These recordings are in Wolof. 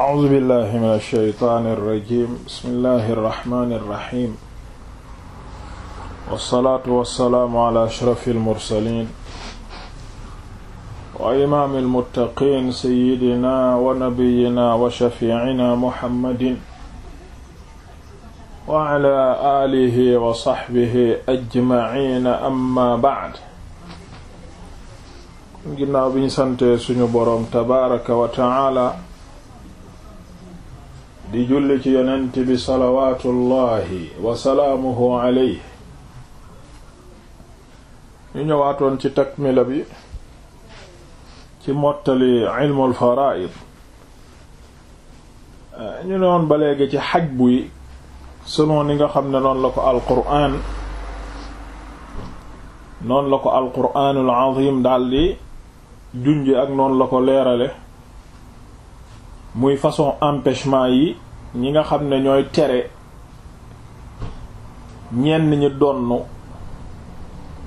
أعوذ بالله من الشيطان الرجيم بسم الله الرحمن الرحيم والصلاة والسلام على أشرف المرسلين وإمام المتقين سيدنا ونبينا وشفيعنا محمد وعلى آله وصحبه أجمعين أما بعد ginnaaw bi ñu sante suñu boroom tabaaraka wa ta'aala di julli ci yonent bi salawaatullahi wa salaamuhu alayhi ñu ñëwaatoon ci takmila bi ci mottali ilmul faraa'id ñu ne woon ba léegi ci xaj buy selon ni nga xam ne noonu la ko alquraan noonu la ko alquraanul azim daldi junj ak noonu la ko leerale muy façon empêchement yi ñi nga xam ne ñooy tere ñenn ñi donn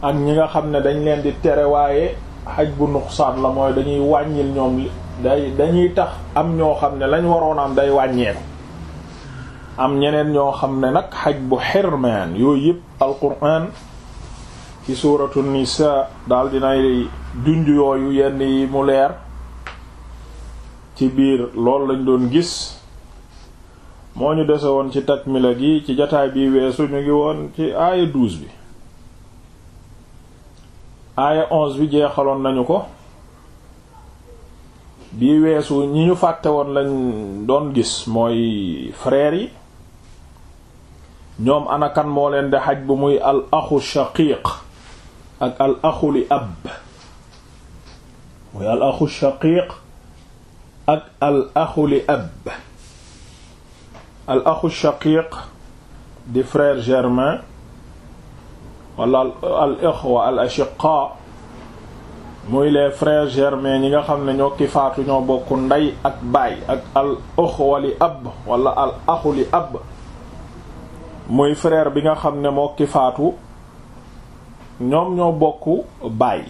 ak ñi nga xam ne dañ leen di tere waaye xaj bu nuqsaan la mooy dañuy wàññil ñoom day dañuy tax am ñoo xam ne lañ waroon am day wàññeeku am ñeneen ñoo xam ne nag xaj bu xirmaan yooyu yëpp alquran ci suuratu nisa daal dinay dunj yooyu yenn yi mu leer ci biir loolu lañ doon gis moo ñu dese woon ci takmila gi ci jataay bi weesu ñu ngi woon ci aaya douze bi aaya onze bi jeexaloon nañu ko bi weesu ñi ñu fàtte woon lañ doon gis mooy frères yi ñoom anakan moo leen di xaj bu muy al axu shaqiiq ak al axu li muy al axu shaqiiq ak al axu li ab al axu di frère germain wala al ixwa al muy les frères germains ñi nga xam ne ñoo ki faatu ñoo bokk ndey ak baay ak al uxwa li ab wala al axu li ab muy frère bi nga xam ne moo ki faatu ñoom ñoo bokk baay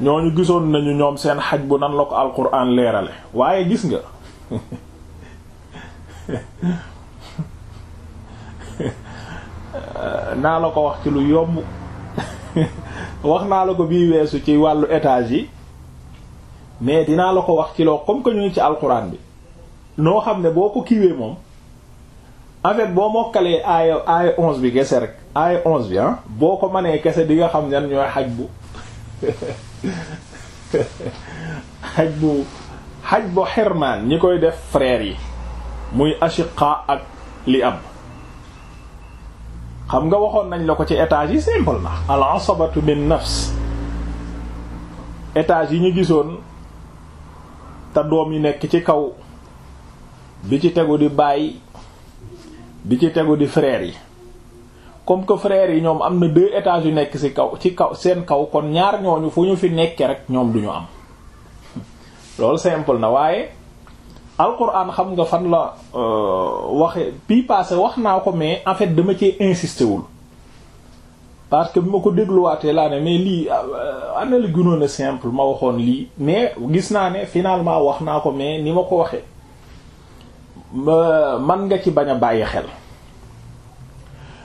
ñooñu gisoon nañu ñoom seen xaj bu nan la ko alquran leerale waaye gis nga naa la ko wax ci lu yomb wax naa la ko bii weesu ci wàllu étage yi mais dinaa la ko wax ci loo comme que ñu ci alquran bi noo xam ne boo ko kiiwee moom en fait boo mokkalee aaya aaya onze bi kese rek aaya onze bi ah boo ko mënee kese di nga xam ñan ñooy xaj bu xaj bu xaj bu xirmaan ñi koy def frères yi muy ashiqa ak li ab xam nga waxoon nañ la ko ci étage yi simple na al asabatu min nafs étage yi ñu gisoon te doom yi nekk ci kaw bi ci tegu di bàyyi bi ci tegu di frères yi comme que frères yi ñoom am na deux étages yu nekk ci kaw ci kaw seen kaw kon ñaar ñooñu fu ñu fi nekkee rek ñoom duñu am loolu simple na waaye alquran xam nga fan la euh, waxe bii passé wax naa ko mais en fait dama cee insister wul parce que bi ma ko dégluwaatee laa mais lii euh, am na lu gënoon a simple ma waxoon lii mais gis naa ne finalement wax naa ko mais ni ma ko waxee euh, man nga ci bañ a bàyyi xel.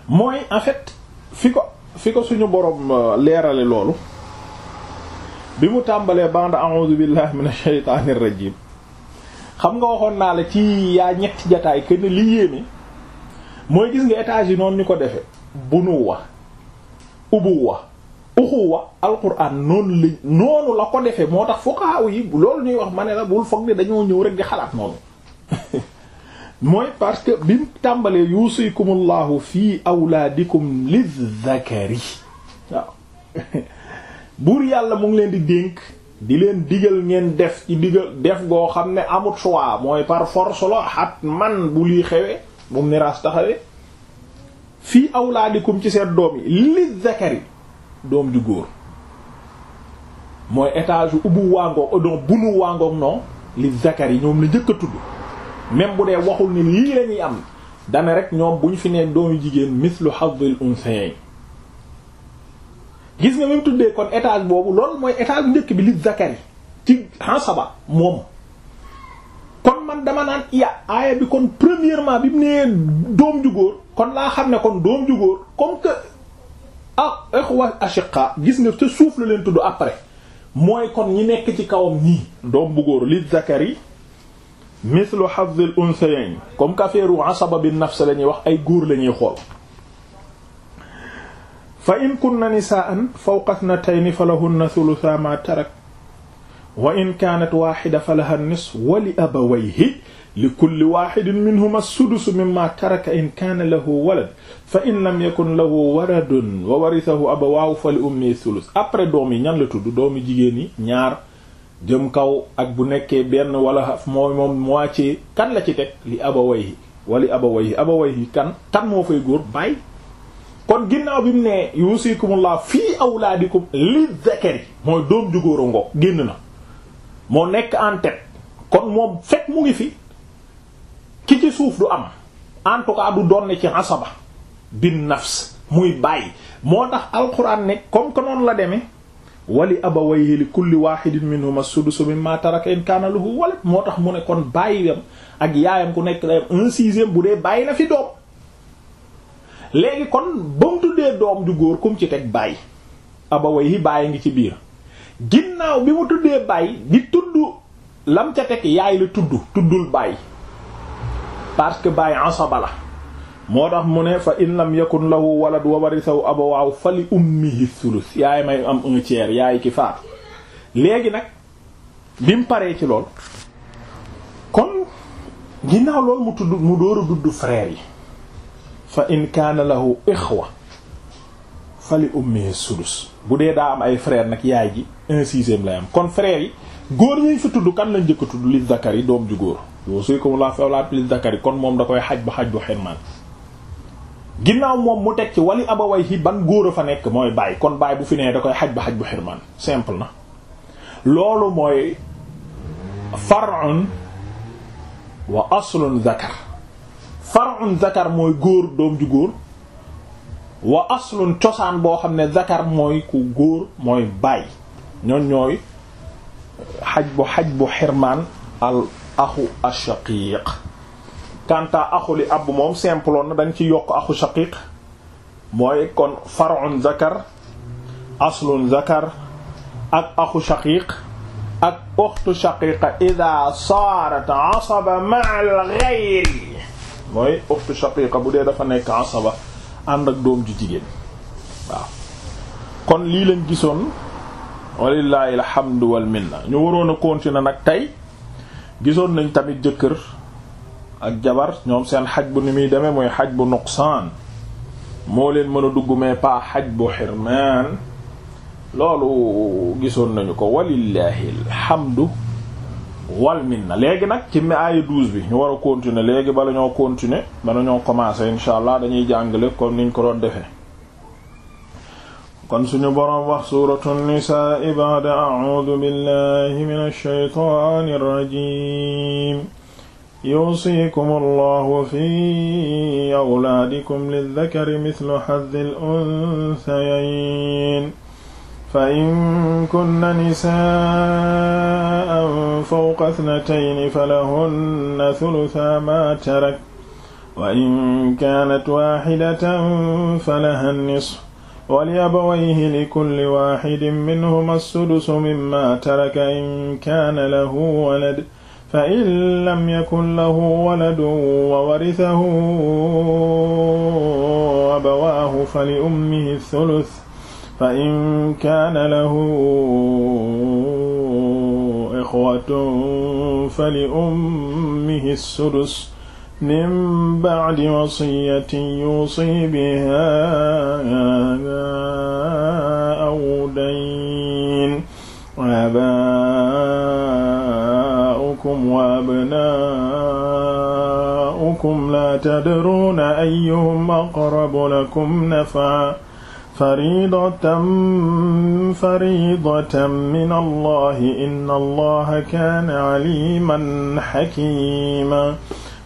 mooy en fait fi ko fi ko suñu borom euh, leerale loolu bi mu tàmbalee banda a'udhu billahi minash shaytanir rajim xam nga waxoon naa la ci yaa ñetti jataay que ne yéeme mooy gis nga étage yi noonu ñu ko defe defee bunuwa ubuwa uxuwa alquran noonu la noonu la ko defee moo tax fuqaha yi loolu ñuy wax ma ne la bul foog ne dañoo ñëw rek di xalaat noonu mooy parce que bi mu tàmbalee yuusikumullahu fii awlaadikum lizzakari waaw buur yàlla mu ngi leen di dénk di leen digal ngeen def ci digal def goo xam ne amut choix mooy par force la xat man bu lii xewee bu mu miraas taxawee fii awlaadikum ci seen doom yi lizzakari doom ju góor mooy étage ubbu waangoog donc euh, bunu waangoog non lizzakari ñoom la njëkk a tudd même bu dee waxul ni lii lañuy am dana rek ñoom bu ñu fi nee doomu jigéen mislu hazzil unsayayn gis nga même tuddee kon étage boobu loolu mooy étage njëkk bi li zakari ci hansaba moom kon man dama naan iya aaya bi kon premièrement bi mu nee doom ju kon laa xam ne kon doom ju comme que ah ikhwa ashiqa gis nga ca suuf la leen tudd après mooy kon ñi nekk ci kawam nii doom bu góor li zakari mithlu hadhil unthayayn comme kafeeru asaba bi nafs la ñuy wax ay góor la ñuy xool fa in kunna nisaa'an fawqa ithnatayni falahunna thulutha ma tarak wa in kaanat waahida falaha an-nisf wa li abawayhi li kulli waahidin minhuma as-sudus mimma taraka in kaana lahu walad fa in lam yakun lahu waladun wa warithahu abawaahu fa li ummihi thuluth après doom yi ñan la tudd doomi jigéen yi ñaar jëm kaw ak bu nekkee benn wala mooy moom moitié kan la ci teg li abawayhi wali abawayhi abawayhi kan kan moo fay góor bàyyi kon ginnaaw bi mu ne yusikumullah fii awlaadikum li zakari mooy doom ju góor ngo génn na moo nekk en kon moo fekk mu ngi fi ki ci suuf du am en tout du doon ne ci asaba bin nafs muy bàyyi moo tax alquran ne comme que noonu la demee wali abawayhi li kulli wahidin minhuma su mimma taraka in kaana lahu walad moo tax mu ne kon bàyyiyam ak yaayam ku nekk dayam un sixième bu dee bàyyi la fi doom léegi kon ba mu tuddee doom ju góor kum ci teg bàyyi abawayhi bàyyi ngi ci biir ginnaaw bi mu tuddee bàyyi di tudd lam ca teg yaay la tudd tuddul bàyyi parce que bàyyi asaba la moo tax mu ne fa in lam yakun lahu walad wa warisahu abawaaw fa li ummihi sulus yaay may am un tiers yaay ki faatu léegi nag bi mu paree ci lool kon ginnaaw loolu mu tudd mu dóor a dudd frère yi fa in kaana lahu ixwa fa li ummihi sulus bu dee daa am ay frère nag yaay ji un sixième lay am kon frère yi góor ñi fi tudd kan lañ jëkk tudd li zakari doom ju góor yow suy ko mu laa few laa li zakari kon moom da koy xaj ba xaj bu xirmaan ginnaaw moom mu teg ci wali abawayhi ban góor a fa nekk mooy baay kon baay bu fi nee da koy xaj ba bu xirmaan simple na loolu mooy far'un wa aslun zakar far'un zakar góor doom ju góor wa aslun cosaan boo xam ne zakar mooy ku góor mooy baay ñoon ñooy xaj bu xaj bu al axu kanta axuli ab moom simploon na dañ ci yokk axu shaqiq mooy kon far'un zakar aslun zakar ak axu shaqiq ak uxtu shaqiqa ida saarat asaba ma'al ghayri mooy uxtu shaqiqa bu dee dafa nekk asaba ànd doom ju jigéen waaw kon lii lañ gisoon walillahi alhamdu wal minna ñu waroon a continuer nag tey gisoon nañ tamit jëkkër ak jabar ñoom seen xaj bu ni muy demee mooy xaj bu nuqsaan moo leen mën a dugg mais pas xaj bu xirmaan loolu gisoon nañu ko walillahi alhamdu wal minna léegi nag ci aaya douze bi ñu war a continuer léegi bala ñoo continuer bala ñoo commencer insha allah dañuy jàngale comme niñ ko doon defee kon suñu boroom wax suratu nisaa ba'da a'udhu billahi minash shaytanir rajim yuusikum allahu fi awlaadikum lildakari mithlu haddi al-unthayayn fa in kunna nisaa'an fawqa ithnatayni falahunna thuluthaa maa tarak wa in kaanat waahidatan falahaa an-nisfu wa li-abawayhi likulli waahidin minhumaa as-sudusu mimmaa taraka in kaana lahu walad fa in lam yakun lahu waladun wa warisahu abawaahu fa li ummihi sulus fa in kaana lahu ixwatun fa li ummihi sudus min ba'di wasiyatin yuusi bihaa aw daynin أموالكم وأبناؤكم لا تدرون أيهم أقرب لكم نفعا فريضة فريضة من الله إن الله كان عليما حكيما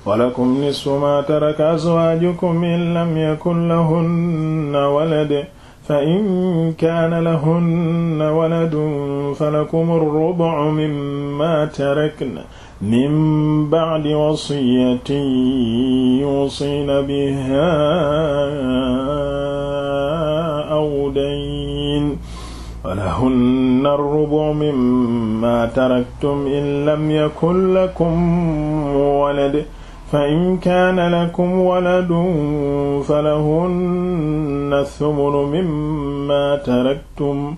ولكم نصف ما ترك أزواجكم إن لم يكن لهن ولد fa in kaana lahunna waladun falakum ar-rubu mimma tarakna min ba'di wasiyatin yusina biha aw dayn walahunna ar-rubu mimma taraktum in lam yakun lakum walad fa in kaana lakum waladun falahunna thumunu mimma taraktum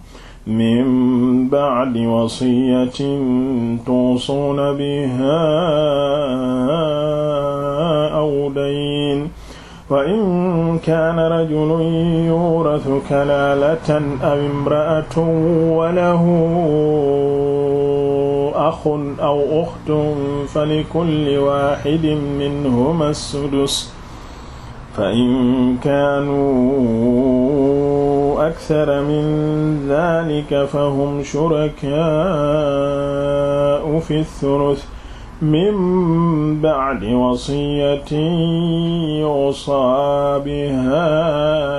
min ba'di wasiyatin tuusuuna bihaa aw dayn wa in kaana rajulun yurathu kalaalatan aw imra'atun wa lahu axun aw uxtun falikulli waaxidin minhumaa as-sudus fa in kaanuu akthara min dhaalika fahum shurakaa'u fi ath-thuluth min ba'di wasiyatin yuusaa bihaa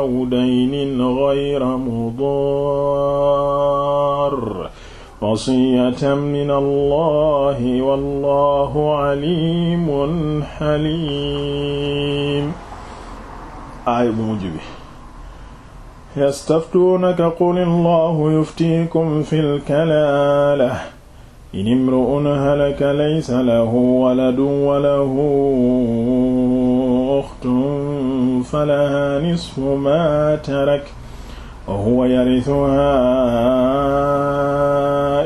aw daynin ghayra mudaar wasiyatan min allah wallahu alimun xalim aaya bu mujj bi yastaftuunaka qul allahu yuftiikum fi lkalaala in imru'un halaka laysa lahu waladun wa lahu ukhtun falahaa nisfu ma tarak wa huwa yarithuhaa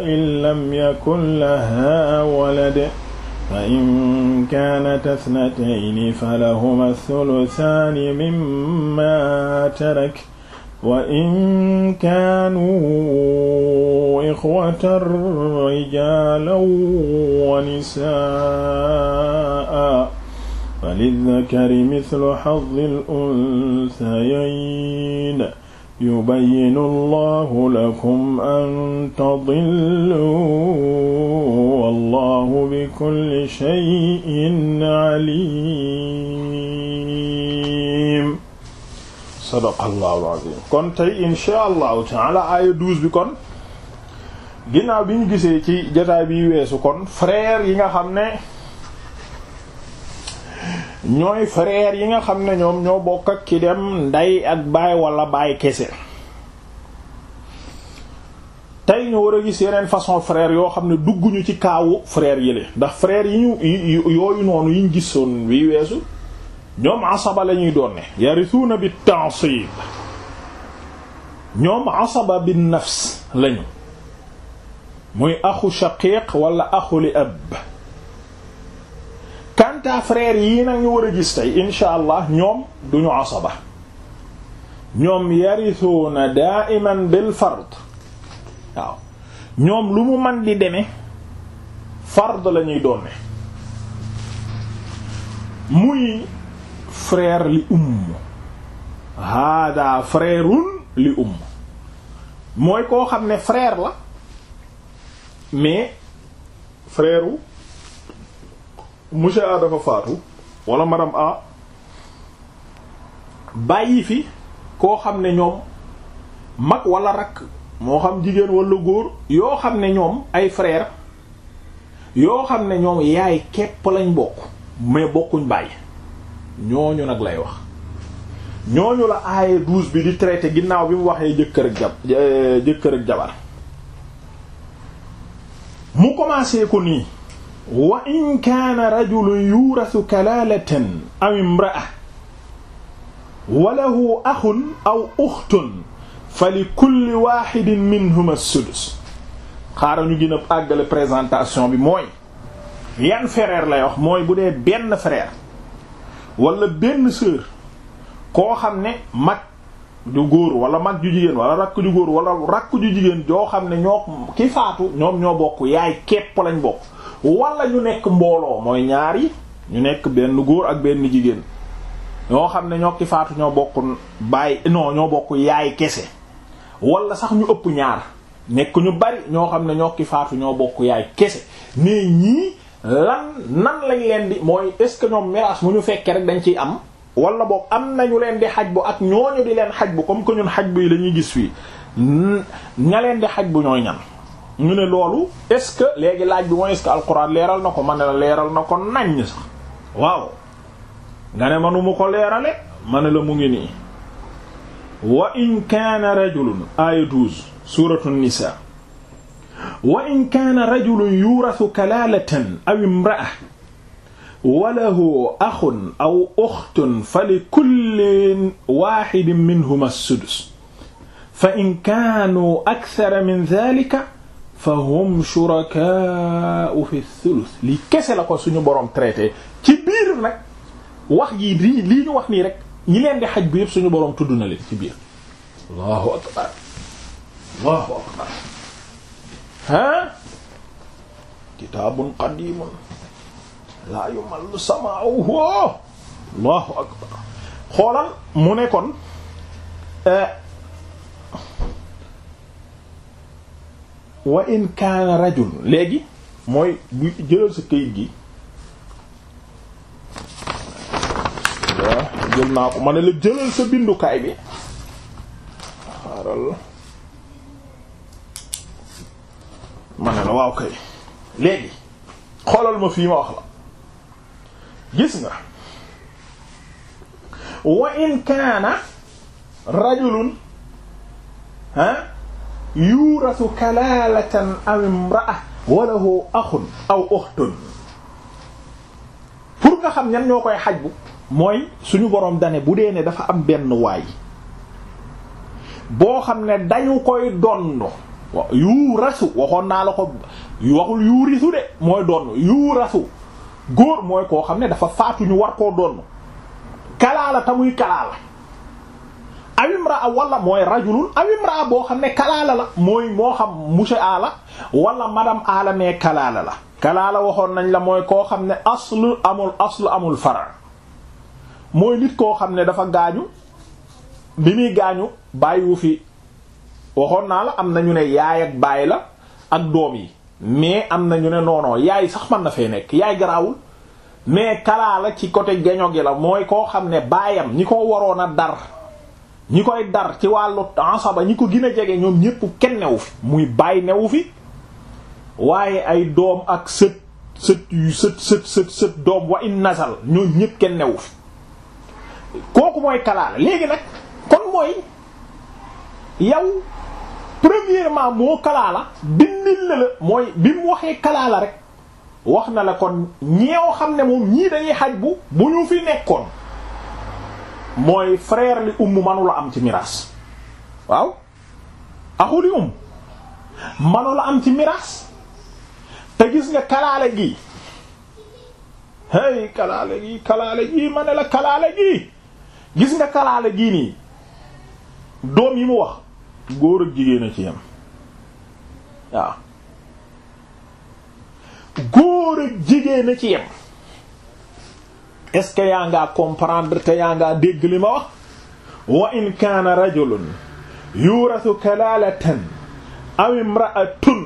in lam yakun lahaa walad fa in kaanat ithnatayni falahumaa thuluthaani mimmaa tarak wa in kaanuu ikhwatan rijaalan wa nisaa'an falidhakari mithlu hazzil unthayayn yubayyinu allahu lakum an tadillu wallahu bi kulli shay'in alim sadaqallahu alazim kon tey insha allahu taala aaya douze bi kon ginnaaw bi ñu gisee ci jotaay bi weesu kon frère yi nga xam ne ñooy frère yi nga xam ne ñoom ñoo bokk ak ki dem ndey ak baay walla baay kese tey ñoo war a gis yeneen façon frère yoo xam ne dugguñu ci kaawu frère yële ndax frère yi ñu yooyu noonu yi ñu gisoon wi weesu ñoom asaba la ñuy doon ne yarithuna bi yi ñoom asaba bi nafs lañu muy axu shaqiq wala axu li ab kanta frère yii nag war a gis tey insha allah ñoom duñu ñoom yarisuuna lu mu man di deme fard la ñuy doonne muy frère li umm hada frèreun li umm mooy koo xam ne frère la mais frère monsieur A dafa faatu wala madame A bàyyi fi koo xam ne ñoom mag walla rakk moo xam jigéen wala góor yoo xam ne ñoom ay frère yoo xam ne ñoom yaay képp lañ bokk mais bokkuñ bàyyi ñooñu nag lay wax ñooñu la aaye bi di traité ginnaaw bi mu waxee jëkkër ak jab jabar mu commencé ko nii wa in kaana rajulun yuurasu kalaalatan aw imra'a wa lahu axun aw uxtun fa li kulli waaxidin minhuma sudus xaaral ñu gën àggale présentation bi mooy yan frère lay wax mooy bu dee benn frère wala benn sœur koo xam ne mag ju góor wala mag ju jigéen wala rakk ju góor wala rakk ju jigéen joo xam ne ñoo ki faatu ñoom ñoo bokk yaay kepp lañ bokk walla ñu nekk mbooloo mooy ñaar yi ñu nekk benn góor ak benn jigéen ñoo xam ne ñoo ki faatu ñoo bokk baay non ñoo bokk yaay kese wala sax ñu ëpp ñaar nekk ñu bari ñoo xam ne ñoo faatu ñoo bokk yaay kese mais ñii lan nan lañ leen di mooy est ce que ñoom miraas mu ñu fekkee rek dañ ciy am wala boog am ñu leen di xaj bu ak ñooñu di leen xaj bu comme que ñun xaj bu lañuy gis fii ña leen di xaj bu ñooy ñan ñu ne loolu est-ce léegi laaj bi mooy leeral na ko ma ne leeral na ko naññ sax waaw manu mu ko leerale ma la mu ngi nii wa in kaana rajulun aya 12 suratu nisa wa in kaana rajulun yurathu kalaalatan aw imra'a wa lahu axun aw uxtun fa li kulli waxidin minhuma sudus fa in kaanuu fa hum shurakaa'u fi thuluth li kese la ko suñu borom traité ci biir nag wax yi lii lii ñu wax nii rek ñi leen di xaj bi yëpp suñu borom tudd na leen ci biir allahu akbar allahu akbar ha kitaabun qadiimun laa yumallu samaa'uhu allahu akbar xoolal mu ne kon eh, wa in kaana rajul léegi mooy bu jëlal sa këyit gi waaw jël naa ko ma la jëlal sa bindukaay bi xaaral ma ne la waaw kay léegi xoolal ma fii ma wax la gis nga wa in kaana rajulun ha yuurasu kalaalatan aw imra'a wa lahu axun aw uxtun pour nga xam ñan ñoo koy xaj bu mooy suñu boroom dane bu dee ne dafa am benn waay boo xam ne dañu koy donn yuurasu waxoon naa la ko waxul yuurisu de mooy donn yuurasu góor mooy koo xam ne dafa faatuñu war koo donn kalaala ta muy kalaala awimraa wala mooy rajulun awimraa boo xam ne kalaala la mooy moo xam monsieur aala wala madame aala mais kalaala la kalaala waxoon nañ la mooy koo xam ne aslu amul aslu amul fara mooy nit koo xam ne dafa gaañu bi muy gaañu bàyyiwu fi waxoon naa la am na ñu ne yaay ak baay la ak doom yi mais am na ñu ne noono yaay sax mën na fee nekk yaay garaawul mais kalaala ci côté geño gi la mooy koo xam ne baayam ñi ko waroon a dar ñi koy dar ci wàllu ba ñi ko gën a jege ñoom ñépp kenn newu fi muy bàyyi newu fi waaye ay doom ak sët sët yu sët sët sët sët doom wa in nasal ñoom ñépp kenn newu fi kooku mooy kalaala léegi nag kon mooy yow premièrement moo kalaala bindil la la mooy bi mu waxee kalaala rek wax na la kon ñeew xam ne moom ñii dañuy xaj bu mu ñu fi nekkoon mooy frère li umm manula am ci miraas waaw axu li umm manula am ci miraas te gis nga kalaale gi hey kalaale gi kalaale gi ma ne la kalaale gi gis nga kalaale gi nii doom yi mu wax góor ak jigéen ci yam waaw góor ak ci yam est-ce que yaa ngaa comprendre ma wax wa in kaana rajulun yuurasu kalaalatan aw imra'atun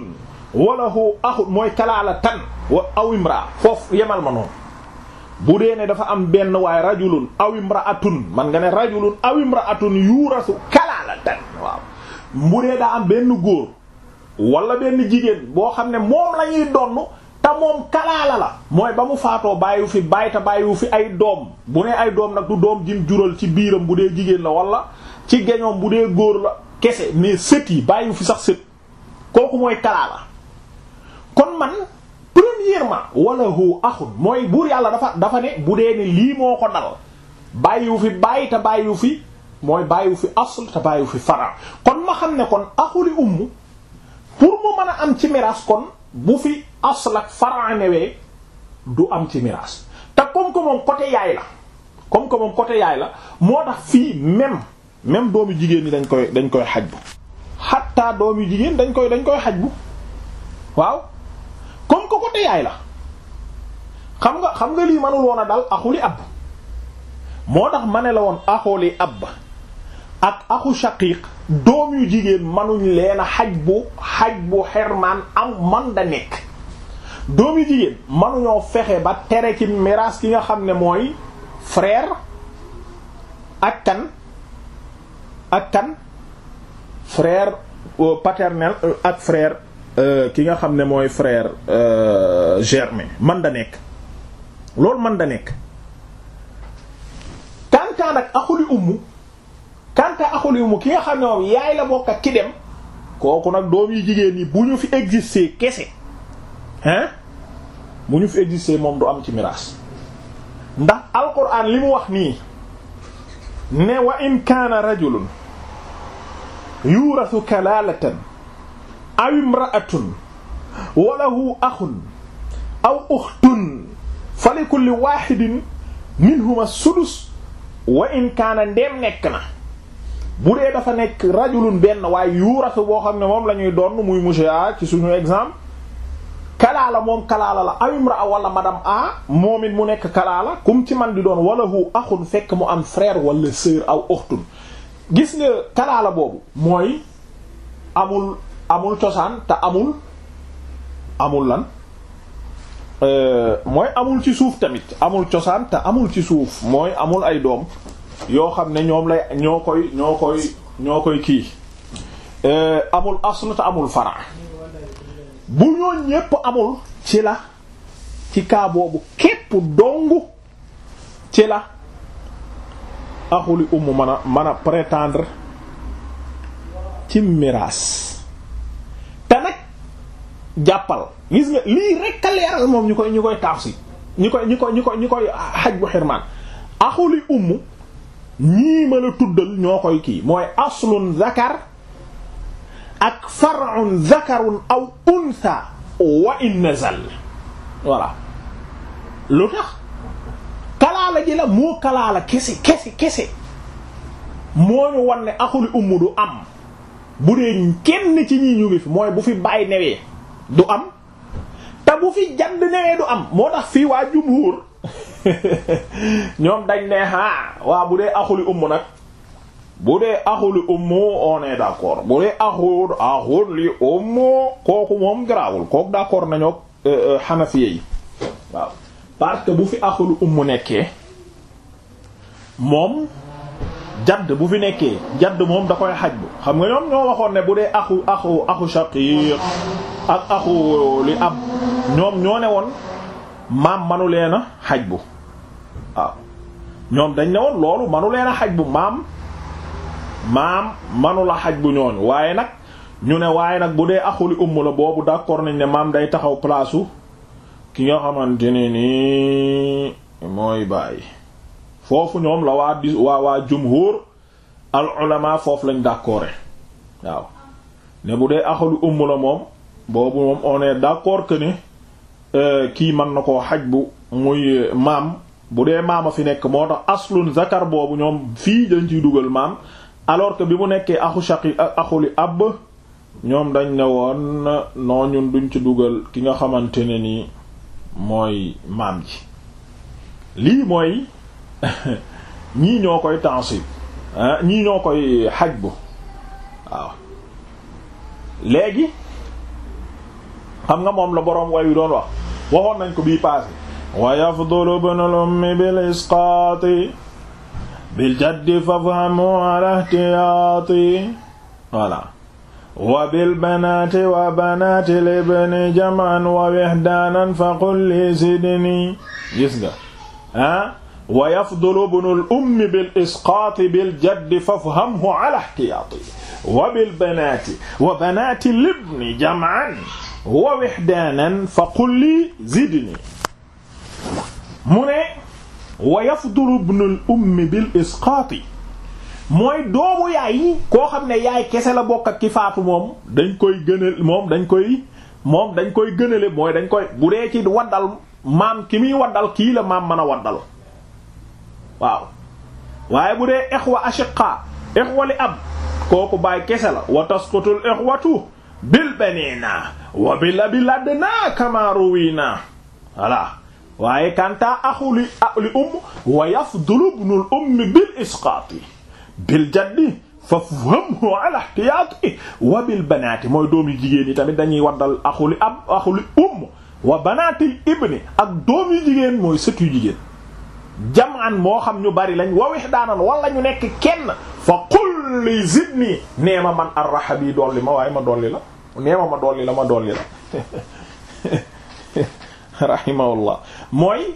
walahu axun mooy kalaalatan wa aw imraa foofu yemal ma noonu bu ne dafa am benn waay rajulun aw imra'atun man nga ne rajulun aw imra'atun yuurasu kalaalatan waaw bu daa am benn góor wala benn jigéen boo xam ne moom la ñuy te moom kalaala la mooy ba mu faatoo bàyyiwu fi bàyyi te bàyyiwu fi ay doom bu ne ay doom nag du doom jim jural ci biiram bu dee jigéen la wala ci geñoom bu dee góor la kese mais sët yi bàyyiwu fi sax sët kooku mooy kalaala kon man premièrement wala hu axun mooy buur yàlla dafa dafa ne bu dee ne lii moo ko dal bàyyiwu fi bàyyi te bàyyiwu fi mooy bàyyiwu fi asl te bàyyiwu fi fara kon ma xam ne kon axuli umm pour mu mën a am ci miraas kon bu fi aslak faran newee du am ci miraas te comme que comme que moom côté yaay la moo tax fii même même doomu jigéen ñi dañ koy dañ koy xaj bu xattaa doomu jigéen dañ koy dañ koy xaj bu waaw comme que côté yaay la xam nga xam nga lii mënul woon a dal axuli ab moo tax ma ne la woon axuli ab ak axu shaqiiq doom yu jigéen manuñ leen a xaj bu xaj bu xermaan am man da nekk doomi jigéen manuñoo fexe ba tere ci miraas ki nga xam ne mooy frère ak kan ak kan frère euh, paternel euh, ak frère euh, ki nga xam ne mooy frère germain man da nekk loolu man da nekk kantaan ak axuli ummu kanta axuli ummu ki nga xam ne moom yaay la bokk ak ki dem kooku nag doom yi jigéen ñi bu ñu fi exister kese hein bu ñu fi exister moom du am ci miraas ndax alquran li mu wax nii ne wa in kaana rajulun yuurasu kalaalatan aw imra'atun wa lahu axun aw uxtun fa li kulli waaxidin minhuma sudus wa in kaana ndeem nekk na bu dee dafa nekk rajulun benn waaye yuurasu boo xam ne moom la ñuy doon muy monsieur ci suñu exemple kalaala moom kalaala la aw imraa wala madame a moom mu nekk kalaala kum ci man di doon wala hu axun fekk mu am frère wala sœur aw uxtun gis nga kalaala boobu mooy amul amul cosaan te amul amul lan euh, mooy amul ci suuf tamit amul cosaan te amul ci suuf mooy amul ay doom yoo xam ne ñoom lay ñoo koy ñoo koy ñoo koy kii euh, amul asl te amul fara bu ñooñ ñépp amul ci la ci kaa bu képp dong ci la axuli umu mën a prétendre ci miraas te nag jàppal gis nga lii rekk a leeral moom ñu koy ñu koy taaf si ñu koy ñu koy ñu koy ñu koy xaj bu xirmaan axuli umu ñii ma la tuddal ñoo koy kii mooy aslun zakar ak far'un dhakarun aw untha wa in nazal voilà lu tax kalaala ji la moo kalaala kese kese kese moo ñu wan axuli umm du am bu dee kenn ci ñi ñu fi mooy bu fi bàyyi newee du am te bu fi jand newee du am moo tax fii waa jumhur ñoom dañ ne ah waa bu dee axuli umm nag bu dee axu li ummu on bu dee axu axu li ummu kooku moom garaawul kooku d'accord nañoo xanafiye euh, euh, yi waaw parce que bu fi axul li nekkee moom jadd bu fi nekkee jadd moom da koy xaj bu xam nga ñoom ñoo waxoon ne bu dee axu axu axu shaqiiq ak axu li ab ñoom ñoo ne woon maam manu leen xaj bu waaw ñoom dañ ne woon loolu manu leen xaj bu maam maam manula xaj bu ñooñu waaye nag ñu ne waaye nag bu dee axuli umm la boobu d'accord nañ ne maam day taxaw palaasu ki nga xamante ne ni mooy bàyyi foofu ñoom la waa di waa waa jumhur al ulama foofu lañ d'accord waaw ne bu dee axuli umm la moom boobu moom on est d'accord que ne euh, kii mën na koo xaj bu muy euh, maam bu dee maam a fi nekk moo tax aslun zakar boobu ñoom fii dañ ciy dugal maam alors que bi mu nekkee axu shaqi axuli àbb ñoom dañ ne woon noo ñun duñ ci dugal ki nga xamante ne ni mooy maam ji lii mooy ñii ñoo koy tansib ah, ñii ñoo koy xaj bu waaw léegi xam nga moom la boroom way wi doon wax waxoon nañ ko bii passé wa yafdulu ibnul ummi bil isqaati bil jaddi fafhamu ala ihtiyaati voilà wa bil banaati wa banaati libni jaman wa wihdaanan fa qul li sidni gis nga ah wa yafdulu ibnul ummi bil isqaati bil jaddi fafhamhu ala ihtiyaati wa bil banaati wa banaati libni jaman wa wihdaanan fa qul li sidni mu ne wa yafdulu ibnul ummi bil isqaati mooy doomu yaay koo xam ne yaay kese la bokk ak ki faatu moom dañ koy gënal moom dañ koy moom dañ koy gënale mooy dañ koy bu dee ci waddal maam ki muy waddal kii la maam mën a waddal waaw waaye bu dee ixwa ashiqa ixwa li ab kooku baay kese la wa tasqutul ixwatu bil banina wa bil abi ladna kama ruwina voilà waaye kantaa axu li a li umm wa yafdulu ibnul umm bil isqaati bil jaddi fafhamhu ala ihtiyaati wa bil banaati mooy doomi jigéen yi tamit dañuy waddal axu li ab axu li umm wa banaatil ibni doom yu jigéen mooy sët yu jigéen jamaan moo xam ñu bari lañ wawix daanan wala ñu nekk kenn fa qul li zidni nee ma man arrahabi dolli ma waaye ma dolli la nee ma ma la ma dolli la rahimahullah mooy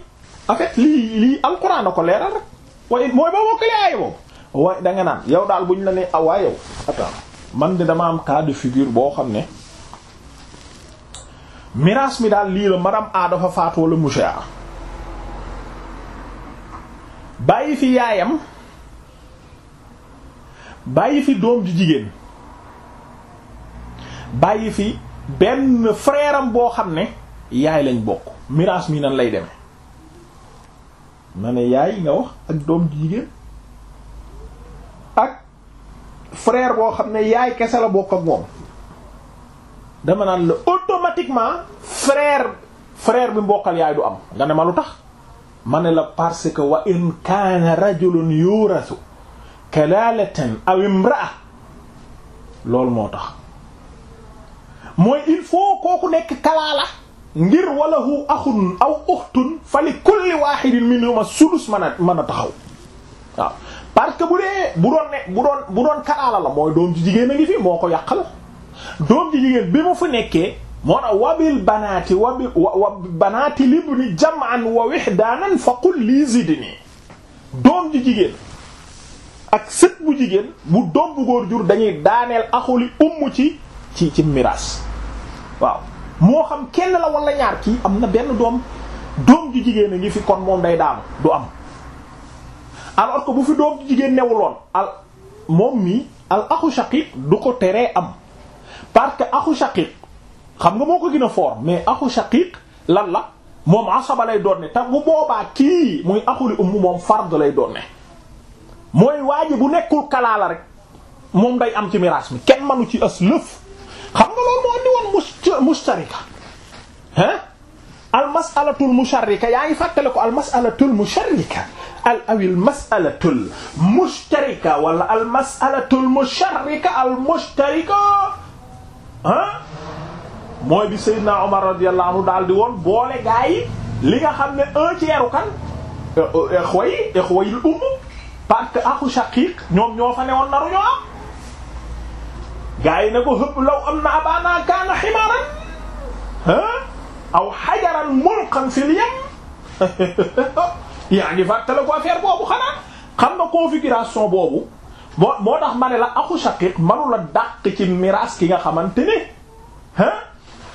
en fait lii lii alquran a ko leeral rek waaye mooy ba wokkale aaya boobu waaye da nga naan yow daal buñ la ne awaa ah, yow attends man de dama am cas de figure boo xam ne miraas mi daal lii la madame A dafa faatu wala monsieur A bàyyi fi yaayam bàyyi fi doom di jigéen bàyyi fi benn frère am boo xam ne yaay lañ bokk miraas mii nan lay demee ma ne yaay nga wax ak doom jigéen ak frère boo xam ne yaay kese la bokk ak moom dama naan la automatiquement frère bi mbokkal yaay du am nga ne ma lu tax ma ne la parce que wa in kaana rajulun yurasu kalalatan aw imraa loolu moo tax mooy il faut kooku nekk kalaala ngir walahu axun aw uxtun fa li kulli wahidin minhuma sulus mën a mën a taxaw waaw parce bu dee bu doon ne bu doon bu la mooy doom ci jigéen a ngi fi moo ko yàqal doom ci jigéen bi ma fu nekkee moo tax wabil banaati wabi wa banaati libni jam'an wa wihdaanan fa qul lii doom ji jigéen ak sët bu jigéen bu doom góor jur dañuy daaneel axuli umm ci ci miraas waaw moo xam kenn la wala ñaar kii am na benn doom doom ji jigéen a ngi fi kon moom day daanu du am alors ko bu fi doom ju jigéen newuloon al moom mii al axu shaqiq du ko teree am parce que axu shaqiq xam nga moo ko gën a fort mais axu shaqiq lan la moom asaba lay doon ne te bu boobaa kii muy axuli umm moom fard lay doon ne mooy waa ji bu nekkul kalaa rek moom day am ci miraas mi kenn manu ci as lëf xam nga loolu moo andi woon mus mustarika ah al masalatul musharrika yaa ngi fàttale ko al masalatul musharrika al awil masalatul mushtarika wala al masalatul musharrika al mushtarika ah mooy bi Seydina Omar radiyallahu anhu daal di woon boole gaa yi li nga xam ne un tiers kan exwa yi exwa yi umm parce que aku shaqiq ñoom ñoo fa newoon naru ñoo am gaa yi ne ko hëpp law am na abaana kaana ximaaran aw xajaran mulqan fil yam yaa ngi fàttale ko affaire boobu xanaa xam nga configuration boobu moo moo tax ma ne la axu shaqiq manu la dàq miraas ki nga xamante ne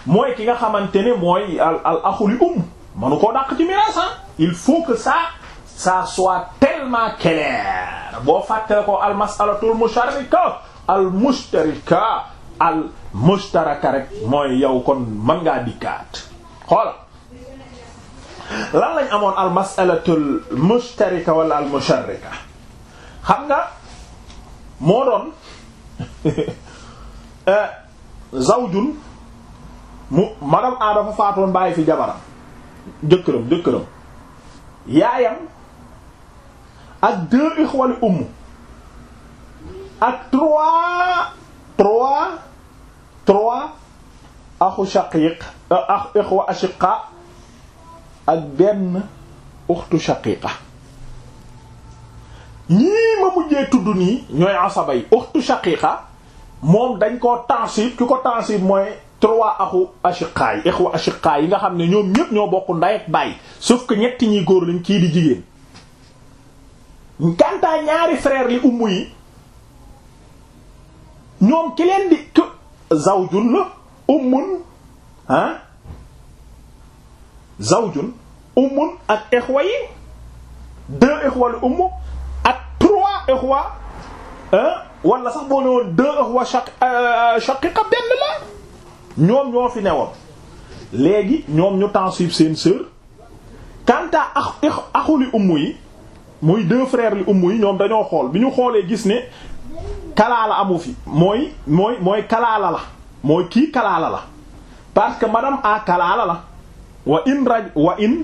mooy ki nga xamante ne mooy al al axuli um manu koo dàq ci miraas il faut que ça ça soit tellement clair boo fàttale ko al mu musharrika al mushtarika al mushtaraka rek mooy yow kon mën ngaa dikkaat xoola lan lañ amoon al masalatul mushtarika wala al musharrika xam nga moo doon eh, zawjun mu madame a dafa faatoon bàyyi fi jabaram jëkkëram jëkkëram yaayam ak deux ixwali ak trois trois trois axu shaqiq euh, ak ixwa ashiqa ak benn uxtu shaqiqa ñii ma mujjee tudd nii ñooy asaba yi uxtu moom dañ ko tansib ki ko tansib mooy trois axu ashiqaay ixwa ashiqaay yi nga xam ne ñoom ñépp ñoo bokk ndey ak baay sauf que ñetti ñiy góor lañ kii di jigéen gantaa ñaari frère li ummu yi ñoom ki leen di kë zawjun la ummun ah zawjun ummun ak exwa yi deux exwa lu umm ak trois exwa wala sax boo ne woon deux exwa shaq euh, shaqiqa benn la ñoom ñoo fi newoon léegi ñoom ñu tansib seen sœur quant à axu axu yi muy deux frères li umm yi ñoom dañoo xool bi ñu xoolee gis ni kalaala amu fi mooy mooy mooy kalaala la mooy kii kalaala la parce que madame a kalaala la wa in raj wa in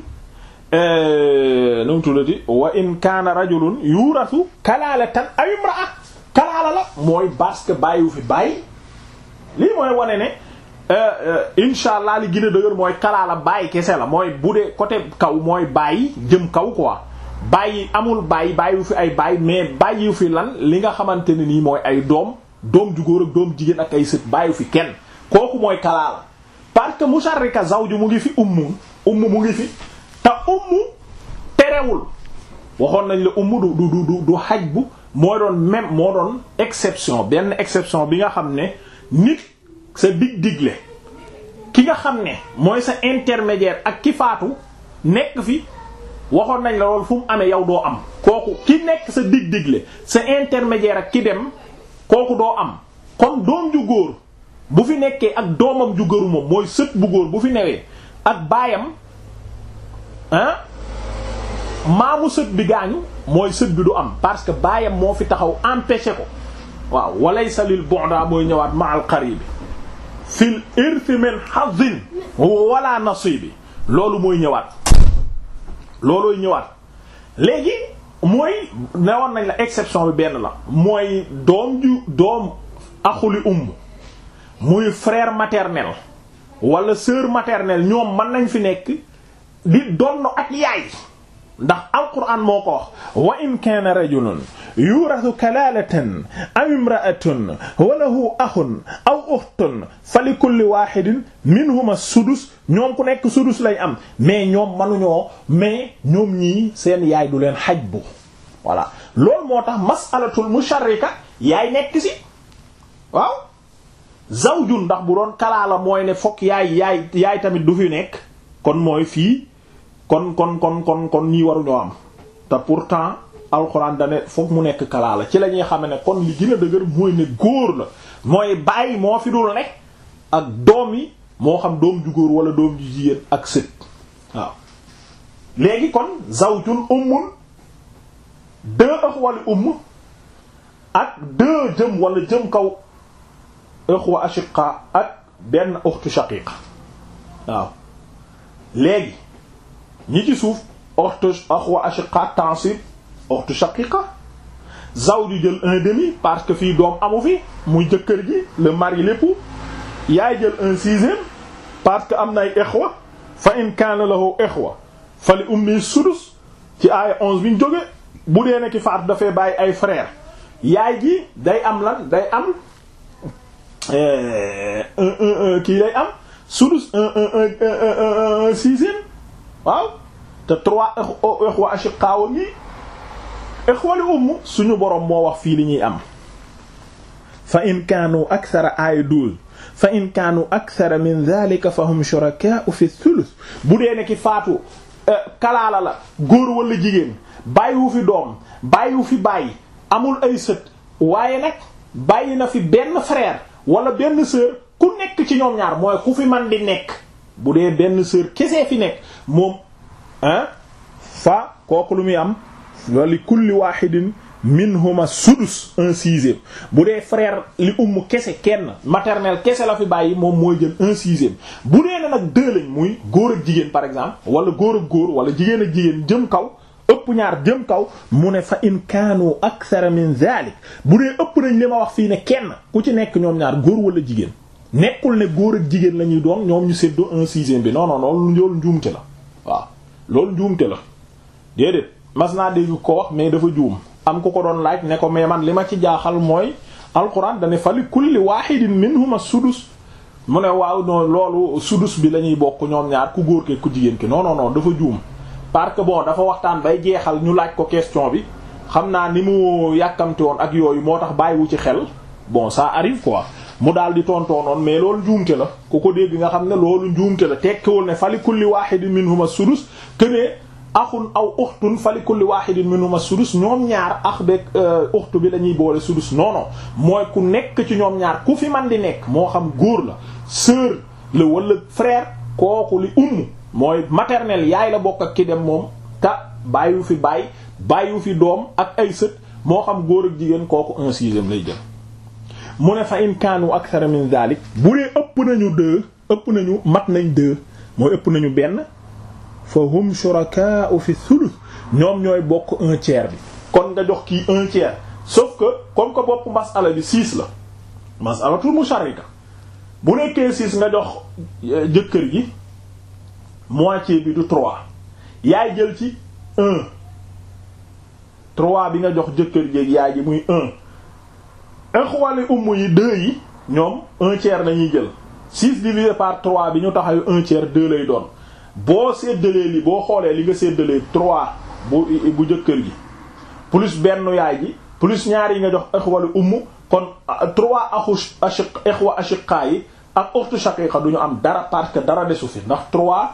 euh, numutulati wa in kaana rajulun yuurasu kalaalatan aw kalaala la mooy parce que fi bàyyi lii mooy wane ne euh, euh, insha allah li gën dëgër mooy kalaala bàyyi kese la mooy bu dee côté kaw mooy bàyyi jëm kaw quoi bàyyi amul bàyyi bàyyiwu fi ay bàyyi mais bàyyiwu fi lan li nga xamante ne nii mooy ay doom doom ju góor ak doom jigéen ak ay sët bàyyi fi kenn kooku mooy kalaala parce que musharrika zawju mu ngi fi ummu ummu mu ngi fi te ummu terewul waxoon nañ la ummu du du du xaj bu mooy doon même moo doon exception benn exception bi nga xam ne nit sa dig digle ki nga xam ne mooy sa intermédiaire ak ki faatu nekk fi waxoon nañ la loolu fu mu amee yow doo am kooku ki nekk sa dig-digle sa intermédiaire ak ki dem kooku doo am kon doom ju góor bu fi nekkee ak doomam ju góoru moom mooy sët bu góor bu fi newee ak baayam ah maamu sët bi gaañu mooy sët bi du am parce que baayam moo fi taxaw empêché ko waaw walaysa lil bu'da mooy ñëwaat ma al qaribi fil irthi min hazin wala nasibi loolu mooy ñëwaat loolooy ñëwaat léegi mooy newoon nañ la exception bi benn la mooy doom ju doom axuli umm muy frère maternel wala sœur maternelle ñoom mën nañ fi nekk di donn ak yaay ndax alquran moo ko wax wa in kaana rajulun yurasu kalaalatan aw imraatun wa lahu axun aw uxtun fa li kulli waxidin minhuma sudus ñoom ku nekk sudus lay am mais ñoom manuñoo mais ñoom ñi seen yaay du leen xaj bu lool moo tax masalatul musharrika yaay nekk ci waaw zawjun ndax bu doon kalaa mooy ne fokk yaay yaay yaay tamit du fi nekk kon mooy fii kon kon kon kon kon ñii waruñoo am te pourtant alxuraan dane foog mu nekk kalaa ci la ñuy xame ne kon li gën a dëgër mooy ne góor la mooy bàyyi moo fi dul nekk ak doom yi moo xam doom ju góor wala doom ju jigéen ak sët waaw léegi kon zawjun ummul deux axwa li umm ak deux jëm wala jëm kaw axwa ashiqa ak benn uxtu shaqiqa waaw léegi ñi ci suuf oxtu axwa ashiqa tansib oxtu shaqiqa zaw di jël un demi parce que fii doom amu fi muy jëkkër ji le mari l'époux yaay jël un sixième parce que am na ay ixwa fa in kaana lahu ixwa fa li ummi sudus ci aaya onze bi ñu bu dee ne ki faatu dafay bàyyi ay frère yaay ji day am lan day am eh, kii day am sudus un un un un sixième waaw te trois ixwa ashiqaawam yi ixwali umm suñu borom moo wax fii li ñuy am fa in kaanu akthara ay douze fa in kaanu akthara min dhalika bu dee ne faatu eh, kalaala la góor walla jigéen bàyyiwu fi doom bàyyiwu fi bàyyi amul ay sët waaye nag bàyyi na fi benn frère wala benn sœur ku nekk ci ñoom ñaar mooy ku fi man di nekk bu dee benn sœur kese fi nekk moom ah fa kooku lu muy am wali kulli wahidin minhuma sudus un sixième bu dee frère li umm kese kenn maternel kese la fi bàyyi moom mooy jël un sixième bu dee na nag deux lañ muy góor ak jigéen par exemple wala góor ak góor wala jigéen ak jigéen jëm kaw ëpp ñaar jëm kaw mu ne fa in kaanu akthara min zalik bu dee ëpp nañ li ma wax fii ne kenn ku ci nekk ñoom ñaar góor wala jigéen nekkul ne góor ak jigéen la ñuy doon ñoom ñu séddoo un sixième bi non non non loolu njuumte la waaw loolu njuumte la déedéet mas naa dégg ko wax mais dafa juum am ku ko doon laaj ne ko mais man li ma ci jaaxal mooy alxuraan dane fali kulli wahidin minhuma sudus mu ne waaw non loolu sudus bi lañuy bokk ñoom ñaar ku góor ke ku jigéen ki non non dafa juum parce que bon dafa waxtaan bay jeexal ñu laaj ko question bi xam naa ni mu yàkkamte woon ak yooyu moo tax bàyyiwu ci xel bon ça arrive quoi mu daal di tontoonoon mais loolu njuumte la ku ko dégg nga xam ne loolu njuumte la tekkiwul ne fali kulli wahidin minhuma sudus kënee axun aw uxtun fali kulli wahidin minhuma sudus ñoom ñaar ax beeg euh, uxtu bi lañuy boole sudus non mooy ku nekk ci ñoom ñaar ku fi man di nekk moo xam góor la sœur la walla frère kooku li umm mooy maternel yaay la bokk ak ki dem moom ta bàyyu fi bàyyi bàyyu fi doom ak ay sët moo xam góor ak jigéen kooku un sixième lay jël mu ne fa in kaanu akthara min zalik bu dee ëpp nañu deux ëpp nañu mat nañ deux mooy ëpp nañu benn fa hum shurakaa'u fi thuluth ñoom ñooy bokk un tiers bi kon nga jox kii un tiers sauf que comme que bopp masala bi six la masalatul musharrika bu nekkee six nga jox euh, jëkkër ji moitié bi du trois yaay jël ci un trois bi nga jox jëkkër ji yaay ji muy un exwali umm yi deux yi ñoom un tiers lañuy jël six divisé par trois bi ñu taxaw un tiers lay doon boo séddalee li boo xoolee li nga séddalee trois bu bu jëkkër ji plus benn yaay ji plus ñaar yi nga jox exwali umm kon trois axu achiq exwa achiqa yi ak uxtu shaqiqa du am dara parce que dara desu fi ndax trois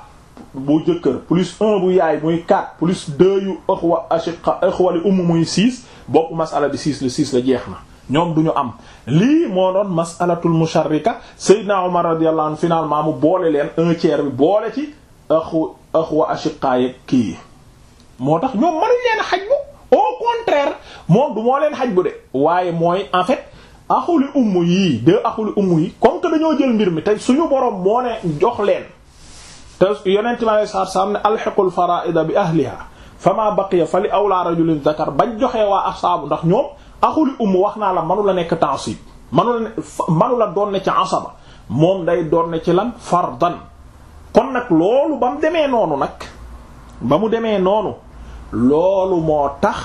bu jëkkër plus un bu yaay muy quatre plus deux yu exwa achiqa exwali umm muy six bokk masala bi six le six la jeex na ñoom du ñu am lii moo doon masalatul musharrika Seydina Omar radiyallahu anhu finalement mu boole leen un tiers bi boole ci axu axu wa ashiqaay kii moo tax ñoom mënuñ leen xaj bu au contraire moom du moo leen xaj bu de waaye mooy en fait axuli ummu yii deux axuli ummu yi comme que dañoo jël mbir mi tey suñu borom moo ne jox leen te yonent mi alayhi salaatu salaam ne alxiqul faraida bi ahliha fama baqiya fa li awla rajulin zakar bañ joxee waa asaabu ndax ñoom axul umm wax naa la manu la nekk taasib manu la manu la doon ne ci asaba moom day doon ne ci lan fardan kon nag loolu ba mu demee noonu nag ba mu demee noonu loolu moo tax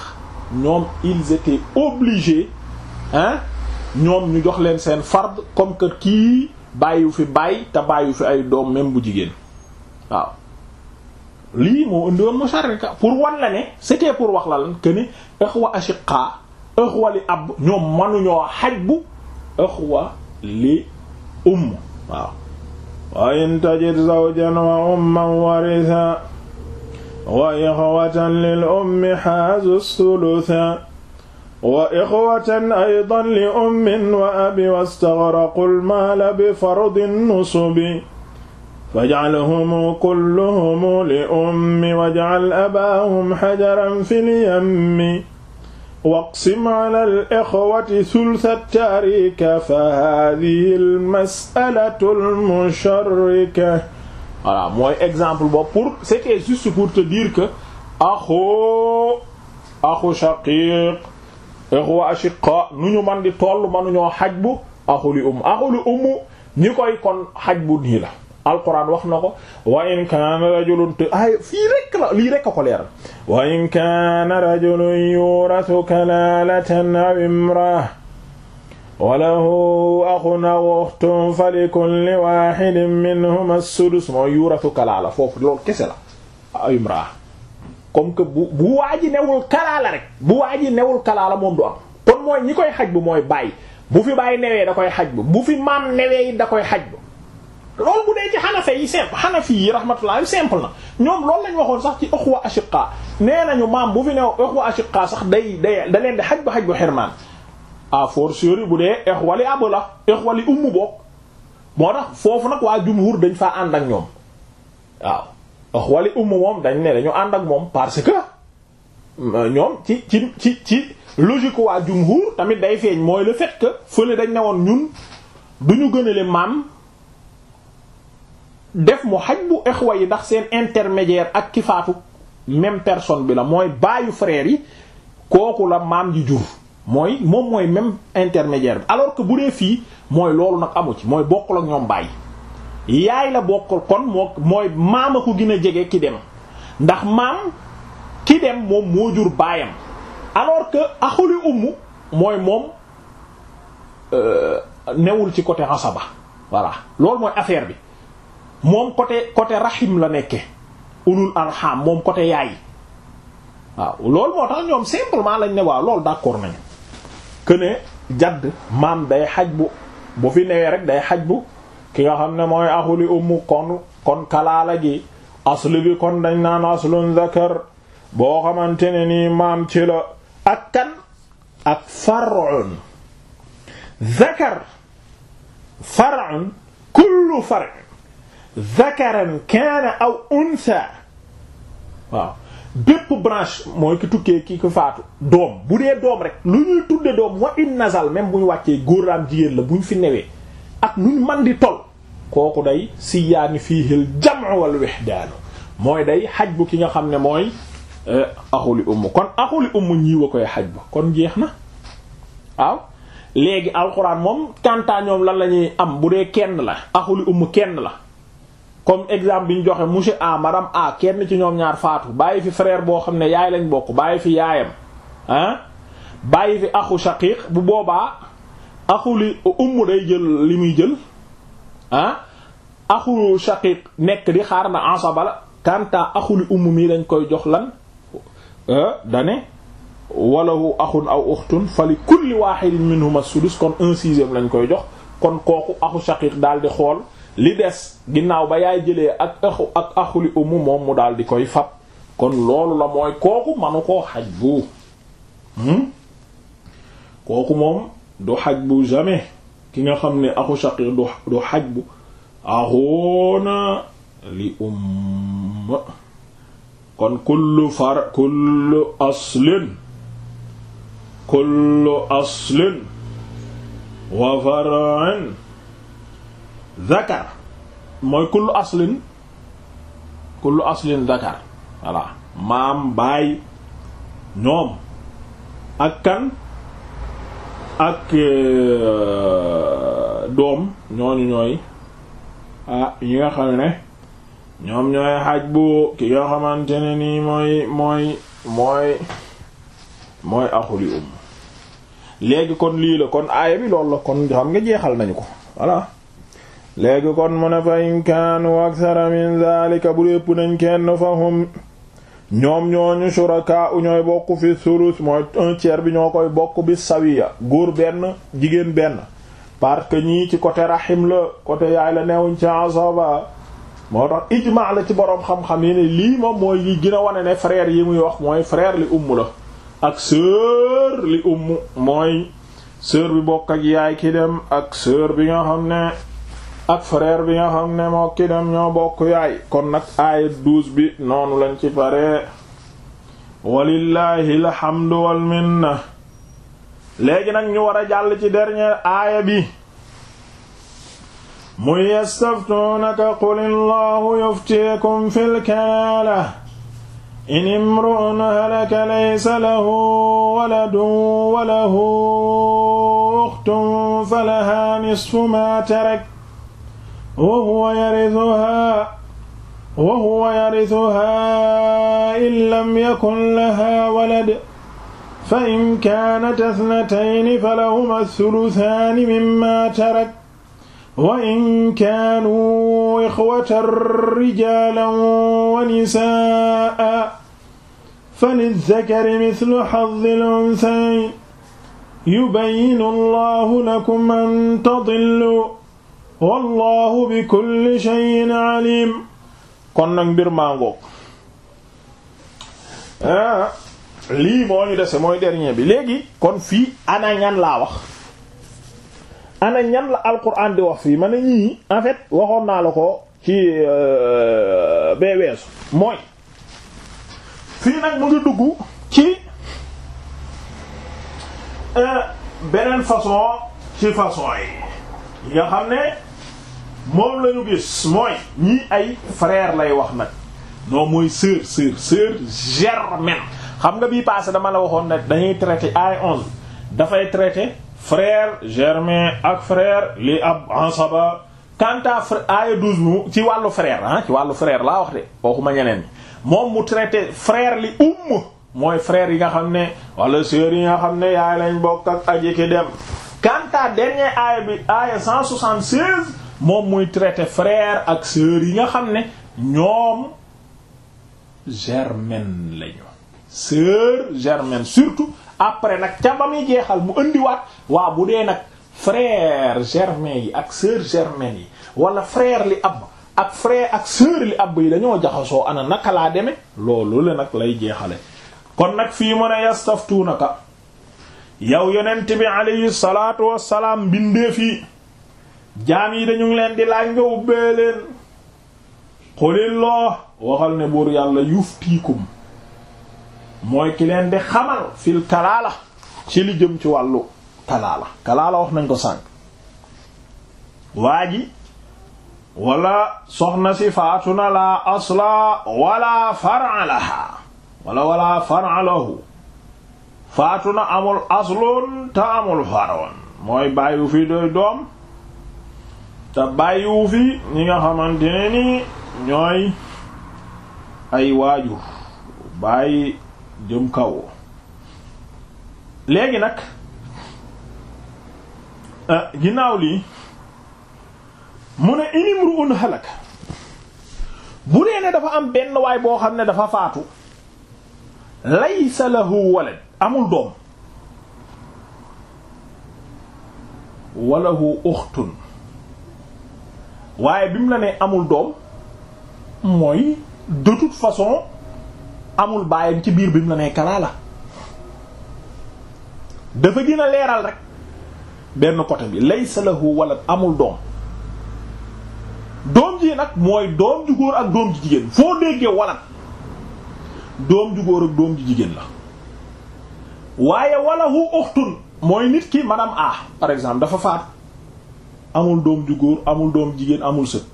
ñoom ils étaient obligés hein ñoom ñu jox leen seen fard comme que kii bàyyiwu fi bàyyi te bàyyi fi ay doom même bu jigéen waaw lii moo indiwoon musharrika pour wan la ne c'était pour wax la lan que ne ikhwa ëxwa li ab ñoom manuñoo xaj bu ëxwa li umm waaw wa in tajid zawjan wa umman warisa wa ixwatan lil ummi xaasu sulusa wa ixwatan aydan li ummin wa abi wastagraqu lmaala bi fardi nusubi fajcalhum kulluhum li ummi wajcal abaahum xajaran fi lyammi waqsim ala al-ixwati thultha tarika fa haadihi al-mas'alatu al-musharrika voilà mooy exemple boobu pour c'était juste pour te dire que axu axu shaqiq ixwa ashiqa nu ñu man di toll mënuñoo xaj bu axu li um axu li um ñi koy kon xaj bu nii la alquran wax na ko wa in kaana rajulun rek la lii rek a ko leeral wa aw imra wa lahu aw ukhtun fa likulli wahidin minhum sudus moo yurathu kalala foofu loolu kese la aw imra comme bu bu waaji newul kalaala rek bu waaji newul kalaala moom du am kon mooy ñi koy xaj bu mooy bàyyi bu fi bàyyi fi maam newee it da koy xaj bu loolu bu dee ci xanafe yi simple xanafi yi rahmatullah simple na ñoom lool lañ waxoon sax ci uxwa ashiqa nee nañu maam bu fi new uxwa ashiqa sax day day da leen di xaj ba xaj bu xirmaan à fortiori bu dee uxwa li ab la uxwa li umm bokk moo tax foofu nag waa jumhur dañ faa ànd ak ñoom waaw uxwa li umm moom dañ ne ñu ànd ak moom parce que euh, ñoom ci ci ci ci logique waa jumhur tamit day feeñ mooy le fait que fële dañ ne woon ñun duñu gënale maam def mu xaj bu exwa yi ndax seen intermédiaire ak ki faatu même personne bi la mooy baayu frère yi kooku la maam ji jur mooy moom mooy même intermédiaire bi alors que bu dee fii mooy loolu nag amu ci mooy bokkul ak ñoom baay yaay la bokkul kon mooy maam a ko gën a jege ki dem ndax maam ki dem moom moo jur baayam alors que axuli ummu mooy moom euh, newul ci côté asaba voilà loolu mooy affaire bi moom côté côté rahim la nekke ulul arham moom côté yaay waaw loolu moo tax ñoom simplement lañ ne waaw loolu d'accord nañ que ne jadd maam day xaj bu bu fi newee rek day xaj bu ki nga xam ne mooy axuli ummu kon kalaala gi aslu bi kon dañ naan aslun zakar boo xamante ne nii maam ci la ak kan ak far'un zakar far'un kullu far' zakaran kaana aw unsa waaw bépp branche mooy ki tukkee ki ko faatu doom bu dee doom rek lu ñuy tudde doom wa in nasal même bu ñu wàccee góor la jigéen la bu ñu fi newee ak nuñ man di tol kooku day si yaani fiihil jam'u wal wihdaanu mooy day xaj bu ki nga xam ne mooy eh, axuli umm kon axuli umm ñiiw a koy xaj bu kon jeex na waaw léegi alxuraan moom kantaa lan la ñuy am bu dee kenn la axuli umm kenn la comme exemple bi ñu joxe monsieur A madame A kenn ci ñoom ñaar faatu bàyyi fi frère boo xam ne yaay lañ bokk bàyyi fi yaayam ah bàyyi fi axu shaqiq bu boobaa axu li umm day jël li muy jël ah axu shaqiq nekk di xaar na ansabala kanta axu li umm mii lañ koy jox lan euh, dane walahu axun aw uxtun fa li kulli wahidin minhuma sudus kon un sixième lañ koy jox kon kooku aku shaqiq daal di xool li des ginnaaw ba yaay jëlee ak axu ak axuli moom mu daal di koy fab kon loolu la mooy kooku manu koo xaj hmm? kooku moom du xaj bu jamais ki nga xam ni axu shaqir du du xaj li umm kon kullu far kullu aslin kullu aslin wa far'in zakar mooy kullu aslin kullu aslin zakar voilà maam baay ñoom ak kan ak euh, doom ñooñu ñooy ah yi nga xam ne ñoom ñooy xaj bu ki nga xamante ne nii mooy mooy mooy mooy axuli um léegi kon lii la kon aaya bi loolu la kon xam nga jeexal nañu ko voilà léegi kon mu ne fa in bu lépp nañ kenn ñoom ñooñu shuraka bi ñoo koy bokk bi sawiya góor benn jigéen benn parce que ñii ci côté la côté yaay neewuñ ci asaba la ci boroom xam yi ne lii yi muy wax mooy frère li ak sœur li umm mooy sœur bi bokk yaay ki dem ak sœur bi nga xam ne ak frère bi nga xam ne moo ki dem ñoo bokk yaay kon nag aaya douze bi noonu lañ ci paree walillahi alhamdu wal minna léegi nag ñu war a jàll ci dernière aaya bi muy yastaftuunaka qul illahu yuftiikum fil kalaala in imru'un halaka laysa lahu waladun wa lahu ukhtun falahaa nisfu maa tarak wa huwa yarithuhaa wa huwa yarithuhaa in lam yakun lahaa walad fa in kaanataa ithnatayni falahumaa thuluthaani mimmaa tarak wa in kaanuu ikhwatan rijaalan wa nisaa'an falizzakari mithlu hazzil unthayn yubayyinu Allahu lakum an tadillu wallahu bi kulli shay'in alim kon nag mbir màngo ah, lii moo ñu dese mooy dernier bi léegi kon fii ana ñan laa wax ana ñan la alquran di wax fii ma ne ñii en waxoon naa la ko ci euh, bee weesu mooy fii nag mu ngi dugg ci euh, beneen façon ci façon yi yi xam ne moom lañu gis mooy ñii ay frère lay wax nag non mooy sœur sœur sœur germaine xam nga bii passé dama la waxoon ne dañuy traité ay onze dafay traité frère germain ak frère li ab ansaba quant à frère ay douze mu ci wàllu frère ah ci wàllu frère laa wax de waxuma ñeneen moom mu traité frère li umm mooy frère yi nga xam ne walla sœur yi nga xam ne yaay lañ bokk ak aji ki dem quant à aaya bi aaya 176 moom muy traité frère ak sœur yi nga xam ne ñoom germaine lañu sœur germaine surtout après nag ca ba muy jeexal mu indiwaat waa bu dee nag frère germain yi ak sœur germaine yi wala frère li ab ak frère ak sœur li ab yi dañoo jaxasoo ana naka laa demee loolu la nag lay jeexale kon nag fii mu ne yastaftuunaka yow yonent bi alayhi salaatu wassalaam bindee fii jaam yi dañu ngi leen di laaj nga ubbee leen xulillah waxal ne buur yàlla yuftiikum mooy ki leen di xamal fil kalaala ci li jëm ci wàllu kalaala kalaala wax nañ ko sànq waa ji wala soxna si faatu na la asla wala fara laha wala wala fara lahu faatu na amul aslun te amul faroon mooy bàyyu fi doy doom te bàyyiwu fi ñi nga xamante ne ni ñooy ay waajur bàyyi jëm kaw léegi nag ah, ginnaaw lii mu ne inimru'un halak bu dee ne dafa am benn waay boo xam ne dafa faatu laysa lahu walad amul doom walahu uxtun waaye bi mu la nee amul doom mooy de toute façon amul baayam ci biir bi mu la nee kalaa dafa gën a leeral rek benn côté bi laysa lahu walad amul doom doom ji nag mooy doom ju góor ak doom ju jigéen foo déggee walad doom ju góor ak doom ju jigéen la waaye walahu uxtun mooy nit ki madame A par exemple dafa faat amul doom ju amul doom jigéen amul sët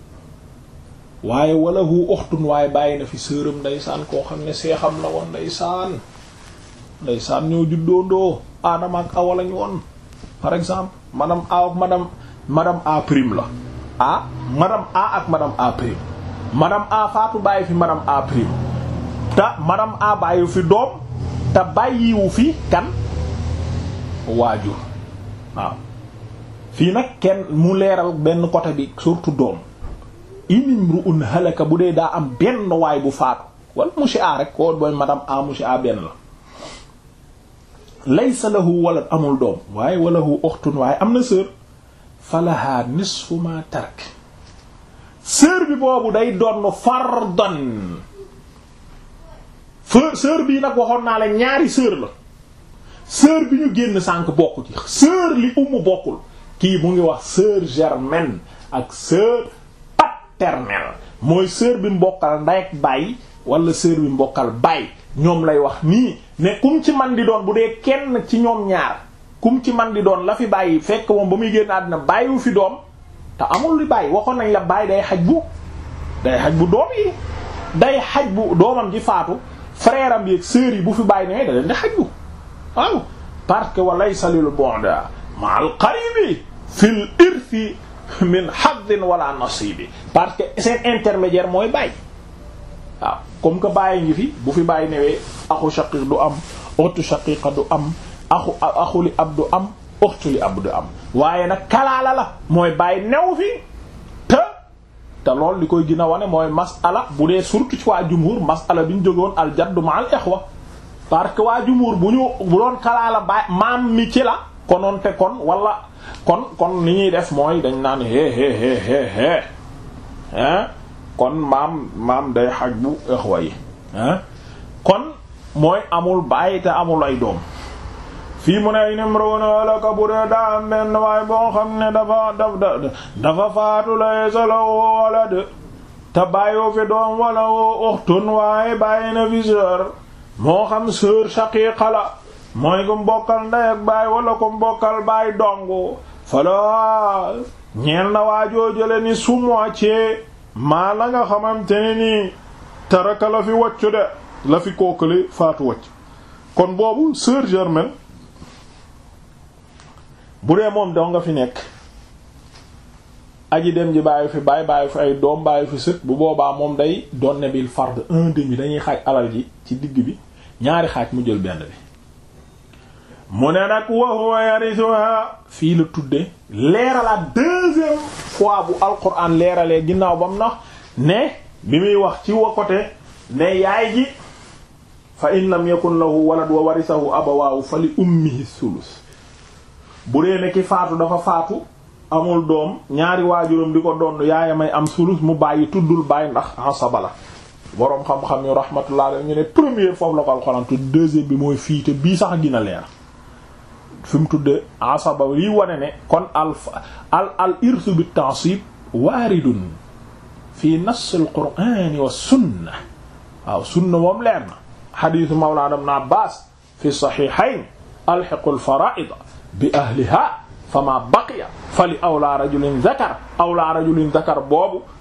waaye wala hu uxtun waaye bàyyi na fi sëram ndeysaan koo xam ne seexam la woon ndeysaan ndeysaan ñoo juddoondoo aadama ak awa woon par exemple madame A ak madame madame A prime la a madame A ak madame A prime madame A faatu bàyyi fi madame A prime te madame A bàyyi fi doom te bàyyiwu fi kan waajur waaw fii nag kenn mu leeral benn côté bi surtout doom inimru un halaka bu dee daa am benn waay bu faatu wala monsieur A rek koo booy madame A monsieur benn la laysa lahu walad amul doom waaye walahu ukhtun waaye am na sœur falaha nisfu ma tarak sœur bi boobu day donn fardan sœur bi nag waxoon naa la ñaari sœur la sœur bi ñu génn sànk bokku ci sœur li umu bokkul kii mu ngi wax sœur germaine ak sœur paternelle mooy sœur bi mbokkal nday ak baay wala sœur bi mbokkal baay ñoom lay wax nii ne kum ci man di doon bu dee kenn ci ñoom ñaar kum ci man di doon la fi bàyyi fekk moom ba muy génn àddina bàyyiwu fi doom te amul li bàyyi waxoon nañ la bàyyi day xaj bu day xaj bu doom yi day xaj bu doomam ji faatu frère yi bi ak sœur yi bu fi bàyyi ne da leen di xaj bu waaw parce que walay salil bonda maal qaribi fil irfi min haddin wala nasibi parce que seen intermédiaire mooy bàyyi waaw comme que bàyyi ngi fi bu fi bàyyi newee axu shaqiq du am uxtu shaqiqa du am axu axu li ab du am uxtu li ab du am waaye nag kalaala la mooy bàyyi new fi te te lool li koy gën a wane mooy masala bu dee surtout ci waa jumhur masala bi ñu jógoon al jaddu ma al ixwa parce que waa jumhur bu ñu bu doon kalaala maam mi ci la kononte kon wala kon kon li ñuy def mooy dañ naan hee hee kon maam maam day xaj bu ixwa yi hein kon mooy amul bàyyi te amul ay doom fii mu ne nimrun halaka bu dee daa am benn waay boo xam ne dafa dafa dafa faatu laysa lahu walad te bàyyu fi doom wala uxtun waaye bàyyi na fi sœur moo xam sœur shaqiqa la mooy ku mbokkal ndey ak baay wala ku mbokkal baay dong fala ñeel na waajoo jële ni su moitié maa la nga xamante ne nii taraka la fi waccu de la fi kookale faatu wacc kon boobu sœur germaine bu dee moom doo nga fi nekk aji dem ji bàyyi fi baay bàyyi fi ay doom bàyyi fi sët bu boobaa moom day doon ne bil fard un demi dañuy xaaj alal ji ci digg bi ñaari xaaj mu jël benn bi mu ne nag wa huwa yarisuha fii la tudde leeralaat deuxième fois bu alquran leeralee ginnaaw bam nax ne bi muy wax ci wa côté ne yaay ji fa in lam yakun lahu walad wa warisahu abawaahu fa li ummihi sulus bu dee ne ki faatu dafa faatu amul doom ñaari waajuram bi ko doon yaaya may am sulus mu bàyyi tuddul bàyyi ndax asaba la boroom xam-xam yu rahmatullah ñu ne première foofu la ko alxuraan tudd deuxième bi mooy fii te bii sax dina leer fi mu tuddee asaba liy wane ne kon al al al irth bi fi nass al qur'an wa sunna waaw sunna moom leer na xadisu mawlaana ibn abbas fi saxihayn alxiqu alfaraid bi ahliha fama baqiya fa li awlaa rajulin zakar awlaa rajulin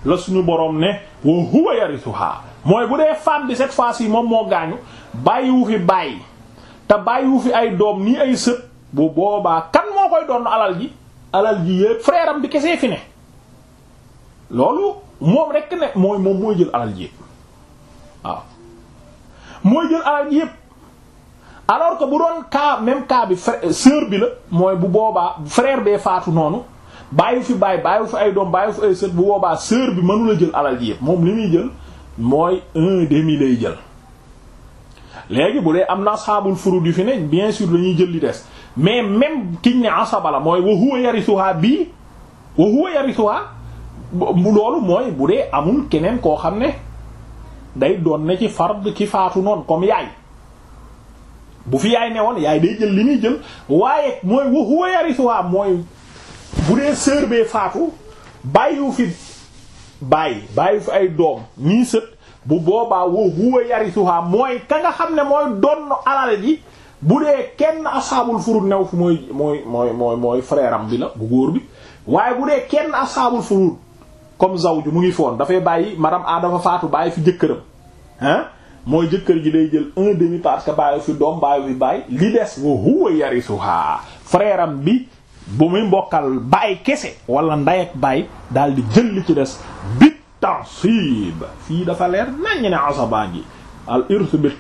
la suñu borom ne wa huwa yarisuha mooy bu dee bi cette fois-ci moom moo gaañu fi bàyyi te bàyyiwu fi ay doom nii ay sët bu boobaa kan moo koy doon alal ji alal ji yépp frère bi kese fi ne loolu moom rekk ne mooy moom mooy jël alal ji yépp waaw mooy jël alal ji yépp alors que bu doon cas même cas bi frère sœur bi la mooy bu boobaa frère bee faatu noonu bàyyi fi bàyyi bàyyi fi ay doom bàyyi fi ay sët bu boobaa sœur bi mënula jël alal ji yépp moom li muy jël mooy un demi lay jël léegi bu dee am na saabul furud yu fi ne bien sûr lañuy jël li des mais même kiñ ne asaba la mooy wa huwa yarisuha bii wa huwa yarisuha loolu mooy bu dee amul keneen koo xam ne day doon ne ci fard ki faatu noonu comme yaay bu fi yaay ne woon yaay day jël li muy jël waaye mooy wa huwa yarisuha mooy bu dee sœur bee faatu bàyyiwu fi bàyyi bàyyiwu fi ay doom ñii sët bu boobaa wa huwa yarisuha mooy ka nga xam ne mooy doon alal ji bu dee kenn asaabul furud new fu mooy mooy mooy mooy mooy frère bi la bu góor bi waaye bu dee kenn asaabul furud comme zawju mu ngi foon dafay bàyyi madame a dafa faatu bàyyi fi jëkkëram ah mooy jëkkër ji day jël un demi parce que bàyyi fi doom bàyyi fi bàyyi li des wa huwa yarisuha frère bi bu muy mbokkal bàyyi kese wala nday ak bàyyi daal di jël li ci des bit tansib fii dafa leer nañ ne asabaa ji al irth bit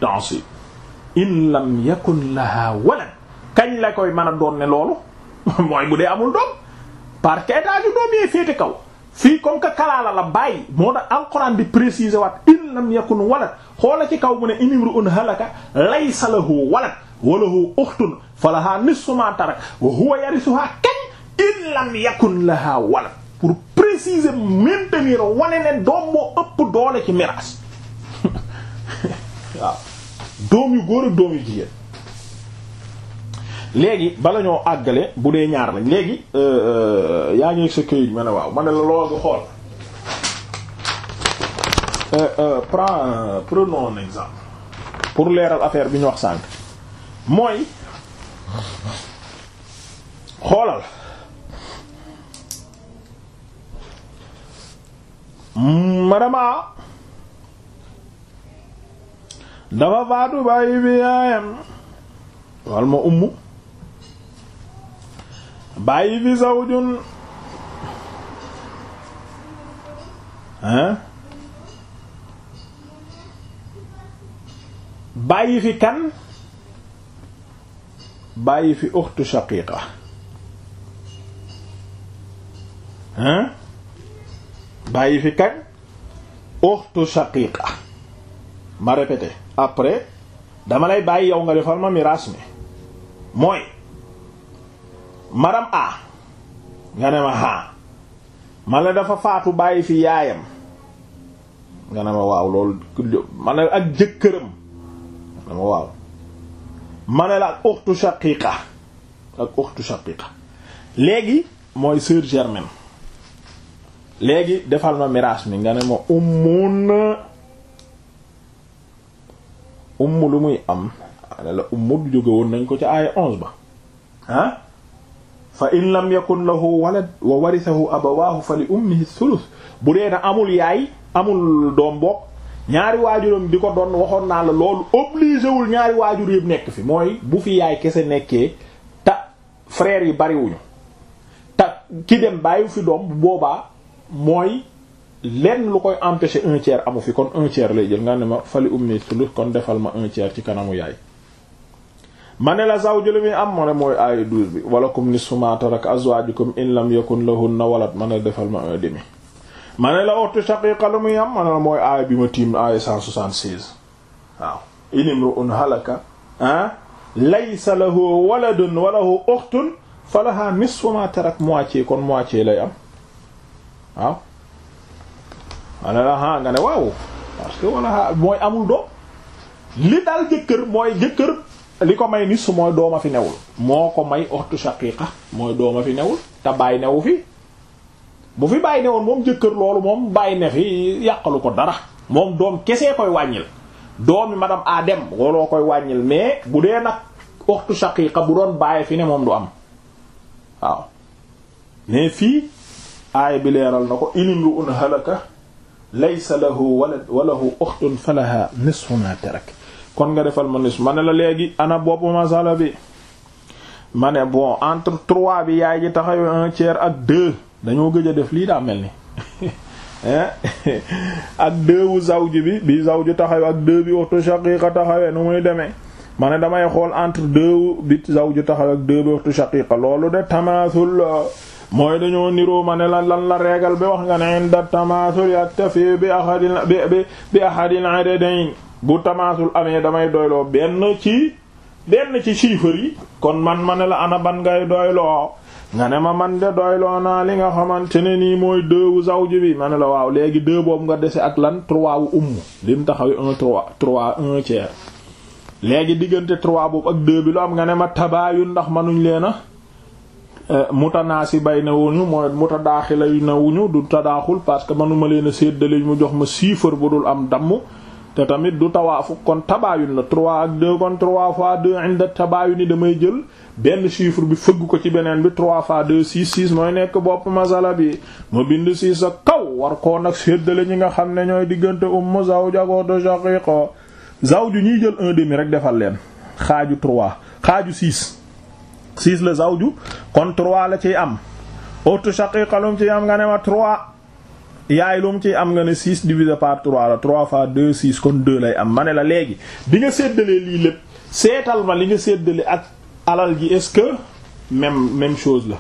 in lam yakun laha walad kañ la koy mën a doon ne loolu mooy bu dee amul doom parce que doom yee féete kaw fii comme que kalaala la bàyyi moo tax alxuraan di préciser waat in lam yakun walad xoola ci kaw mu ne inimru'un halaka laysa lahu walad wa lahu ukhtun falaha nisfu ma tarak wa huwa yarisuha kañ in lam yakun laha walad pour préciser maintenir wane ne doom moo ëpp doole ci miraas doom yu góor ak doom yu jigéen léegi balañoo ñoo àggale bu dee ñaar lañ léegi euh, euh, yaa ngi sa këyit ma ne waaw ma ne la lool nga xool euh, prend prenons un pour leeral affaire bi ñu wax sànq mooy xoolal madame A dafa faatu bàyyi bi yaayam wal ma umm bàyyi bi zawjun hein bàyyi fi kan bàyyi fi uxtu shaqiiqa hein bàyyi fi kan uxtu shaqiiqa ma répété après dama lay bàyyi yow nga defal ma miraas mi mooy madame A nga ne ma a ma ne dafa faatu bàyyi fi yaayam nga ne ma waaw loolu ma ne ak jëkkëram nga ne ma waaw ma ne la ak uxtu shaqiqa ak uxtu shaqiqa léegi mooy sœur germaine léegi defal ma miraas mi nga ne ma ummun umm lu muy am ne la ummu du jóge nañ ko ci aaya onze ba ah fa in lam yakun lahu walad wa warisahu abawaahu fa li ummihi sulus bu dee na amul yaay amul doom bokk ñaari waajuram bi ko doon waxoon naa la loolu obligé wul ñaari waajur yëpp nekk fi mooy bu fi yaay kese nekkee ta frère yi bariwuñu te ki dem bàyyiwu fi doom bu boobaa mooy lenn lu koy empêcher un tiers amu fi kon un tiers lay jël nga ne ma fali ummi sulus kon defal ma un tiers ci kanamu yaay ma ne la zawju li muy am ma ne ma taraka azwajukum la defal ma un demi ma ne la ortu oh, shaqiqa lu muy la mooy aaya bi ma tiim aaya cent soixante-seize waaw in imru'un halaka ah laysa lahu waladun wa lahu ma tarak moitié kon moitié lay am waaw ma ne la ne waaw parce que wala ah, mooy amul doom li daal jëkkër mooy jëkkër li ko may ni su mooy dooma fi newul moo ko may ortu shaqiqa mooy dooma fi newul te bàyyi newu fi bu fi bàyyi newoon moom jëkkër loolu moom bàyyi ne fi yàqalu ko dara moom doom kesee koy wàññil doomi madame Adem looloo koy wàññil mais bu dee nag ortu shaqiqa fi ne moom du am waaw mais fii aaya bi na ko inimru un halaka laysa lahu walad wa lahu ukhtun falaha nisfu ma tarak kon nga defal ma nisfu ma ne la léegi ana bopp masala bi ma ne bon entre trois bi yaay ji taxaw un tiers ak deux dañoo gëj a def lii daa mel ni ak deux wu zawj bi bi zawj taxaw ak deux bi ukhtu shaqiqa taxawee nu muy demee ma ne damay xool entre deux bi zawj taxaw ak deux bi ukhtu shaqiqa loolu de tamaasul mooy dañoo niroo ma ne la lan la reegal bi wax nga ne inda tamaasul yaktafi bi bi bi ahadil adadayn bu tamaasul amee damay doyloo benn ci benn ci chiffres yi kon man ma ne la ana ban ngay doyloo nga ne ma man de doyloo naa li nga xamante ne nii mooy deux wu zawji bi ma ne la waaw léegi deux boobu nga dese ak lan trois wu umm lim taxawi léegi diggante trois boobu ak deux bi lu am nga ne ma tabaayun ndax manuñ leena mutanaasi bay na wuñu mooy mutadaaxila yu na ñu du tadaaxul parce que manuma leen a séddale mu jox ma chiffre bu dul am damm te tamit du tawaafu kon tabaayun la 3 ak 2 kon 3 fois 2 inda tabaayun ni damay jël benn chiffre bi fëgg ko ci beneen bi 3 fois 2 6 6 mooy nekk bopp masala bi ma bind 6 sa kaw war koo nag séddale ñi nga xam ne ñooy diggante ummu zawj ak ukhtu shaqiqa zawju ñuy jël un demi rek defal leen xaaju 3 xaaju 6 six la zawju kon trois la ciy am ukhtu shaqiqa lum ciy am nga ne ma trois yaay lum ciy am nga ne six divisé par trois la trois fois deux six kon deux lay am ma ne la léegi bi nga séddalee lii lépp seetal ma li nga séddale ak alal ji est-ce que même même chose la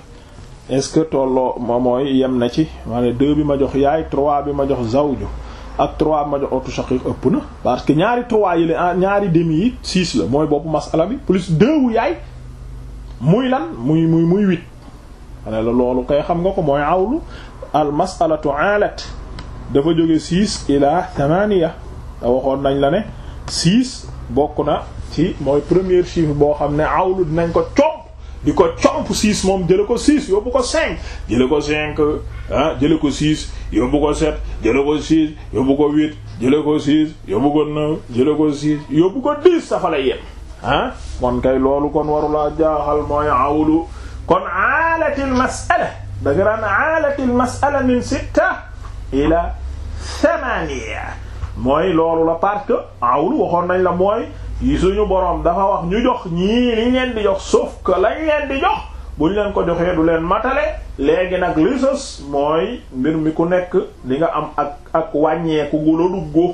est-ce que tolloo ma mooy yem na ci ma ne deux bi ma jox yaay trois bi ma jox zawju ak trois bi ma jox ukhtu ëpp na parce que ñaari trois yi la ah, ñaari demi yi six la mooy bopp masala bi plus deux wu yaay muy lan muy muy muy huit xane la loolu kay xam nga ko mooy awlu al masalatu alat dafa jóge six ila thamania te waxoon nañ la ne six bokk na ci mooy premier chiffre boo xam ne awlu dinañ ko comp di ko comp six moom jële ko six yóbbu ko cinq jële ko cinq ah, jële ko six yóbbu ko sept jële ko six yóbbu ko huit jële ko six yóbbu ko neuf jële ko six yóbbu ko dix safa la yem ah kon kay loolu kon warula jaaxal mooy awlu kon aalatil masala da nga daan aalatil masala min sitta ila mooy loolu la parce que waxoon nañ la mooy yi suñu boroom dafa wax ñu jox ñii li leen di jox sauf que lañ leen di jox buñ leen ko joxee du leen matale léegi nag li mooy mbir mi ku nekk li nga am ak ak wàññeeku gu la duggu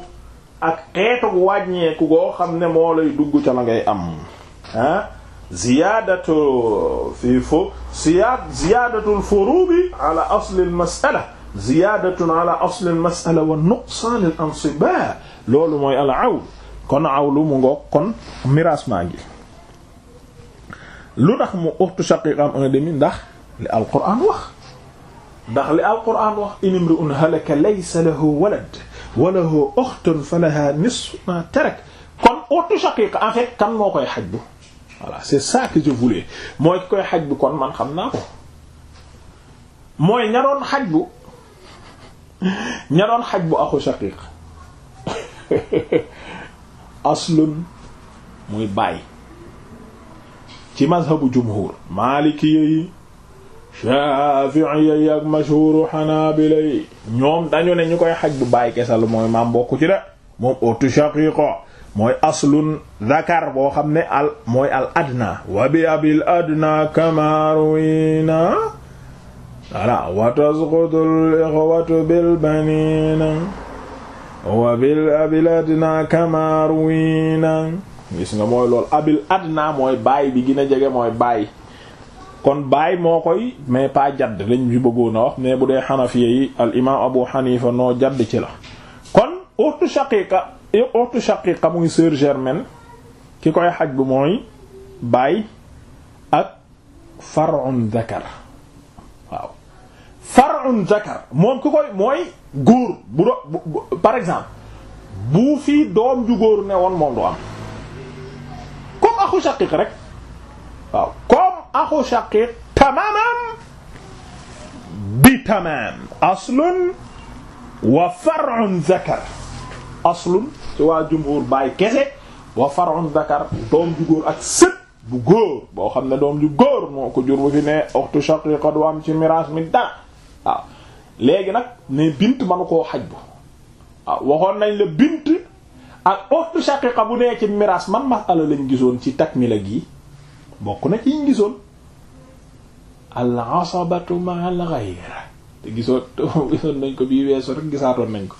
ak xeetu wàññeeku goo xam ne moo lay dugg ca la am ah ziyaadatu fii fo ziyaad ziyaadatul furuubi ala al mas'ala ziyaadatun ala asli al mas'ala wa nuqsaan al ansiba loolu mooy al awl kon awlu mu ngoog kon miraas maa lu tax mu uxtu shaqiq am un demi ndax li al qur'aan wax ndax li al qur'aan wax in imru'un halaka laysa lahu walad wa lahu ukhtun falaha nisfu ma kon ukhtu shaqiqa en fait kan koy xaj bu voilà c'est ça que je koy xaj bu kon man xam naa ko mooy ña doon xaj bu ña doon xaj bu axu shaqiq aslun muy bàyyi ci mazhabu jumhur maalikiyyi Shafi'i yay ak mashhuru ñoom dañu ne ñu koy xaj bu bàyyi kesal mooy maam bokku ci de moom utu shaqiqa mooy aslun zakar boo xam ne al mooy al adna wa bi abil adna kamarwina voilà wa mooy lool abil adna mooy baay bi gën jege mooy baay kon baay moo koy mais pas jadd lañ fi bëggoon wax mais bu dee xanafiya yi al imaam abu xanifa noo jadd ci la kon uxtu shaqiqa uxtu shaqiqa muy sœur germaine ki koy xaj bu mooy baay ak far'un zakar waaw far'un zakar moom ki koy mooy góor bu do par exemple bu fi doom ju góor ne woon moom du am comme axu shaqiq rek waaw comme axu shaqiq tamaamam bi tamaam aslun wa far'un zakar aslun ci waa jumhur baay kese wa far'un zakar doom ju góor ak sët bu góor boo xam ne doom ju góor moo ko jur bu fi ne uxtu shaqiqa du am ci miraas mi dara waaw léegi nag ne bint manu ko xaj bu waaw waxoon nañ la bint ak uxtu shaqiqa bu nee ci miraas man masala lañ gisoon ci takmila gii bokk na ci ñu gisoon al asabatu ma al yi te gisoon gisoon nañ ko bii weesoo rek gisaatoon nañ ko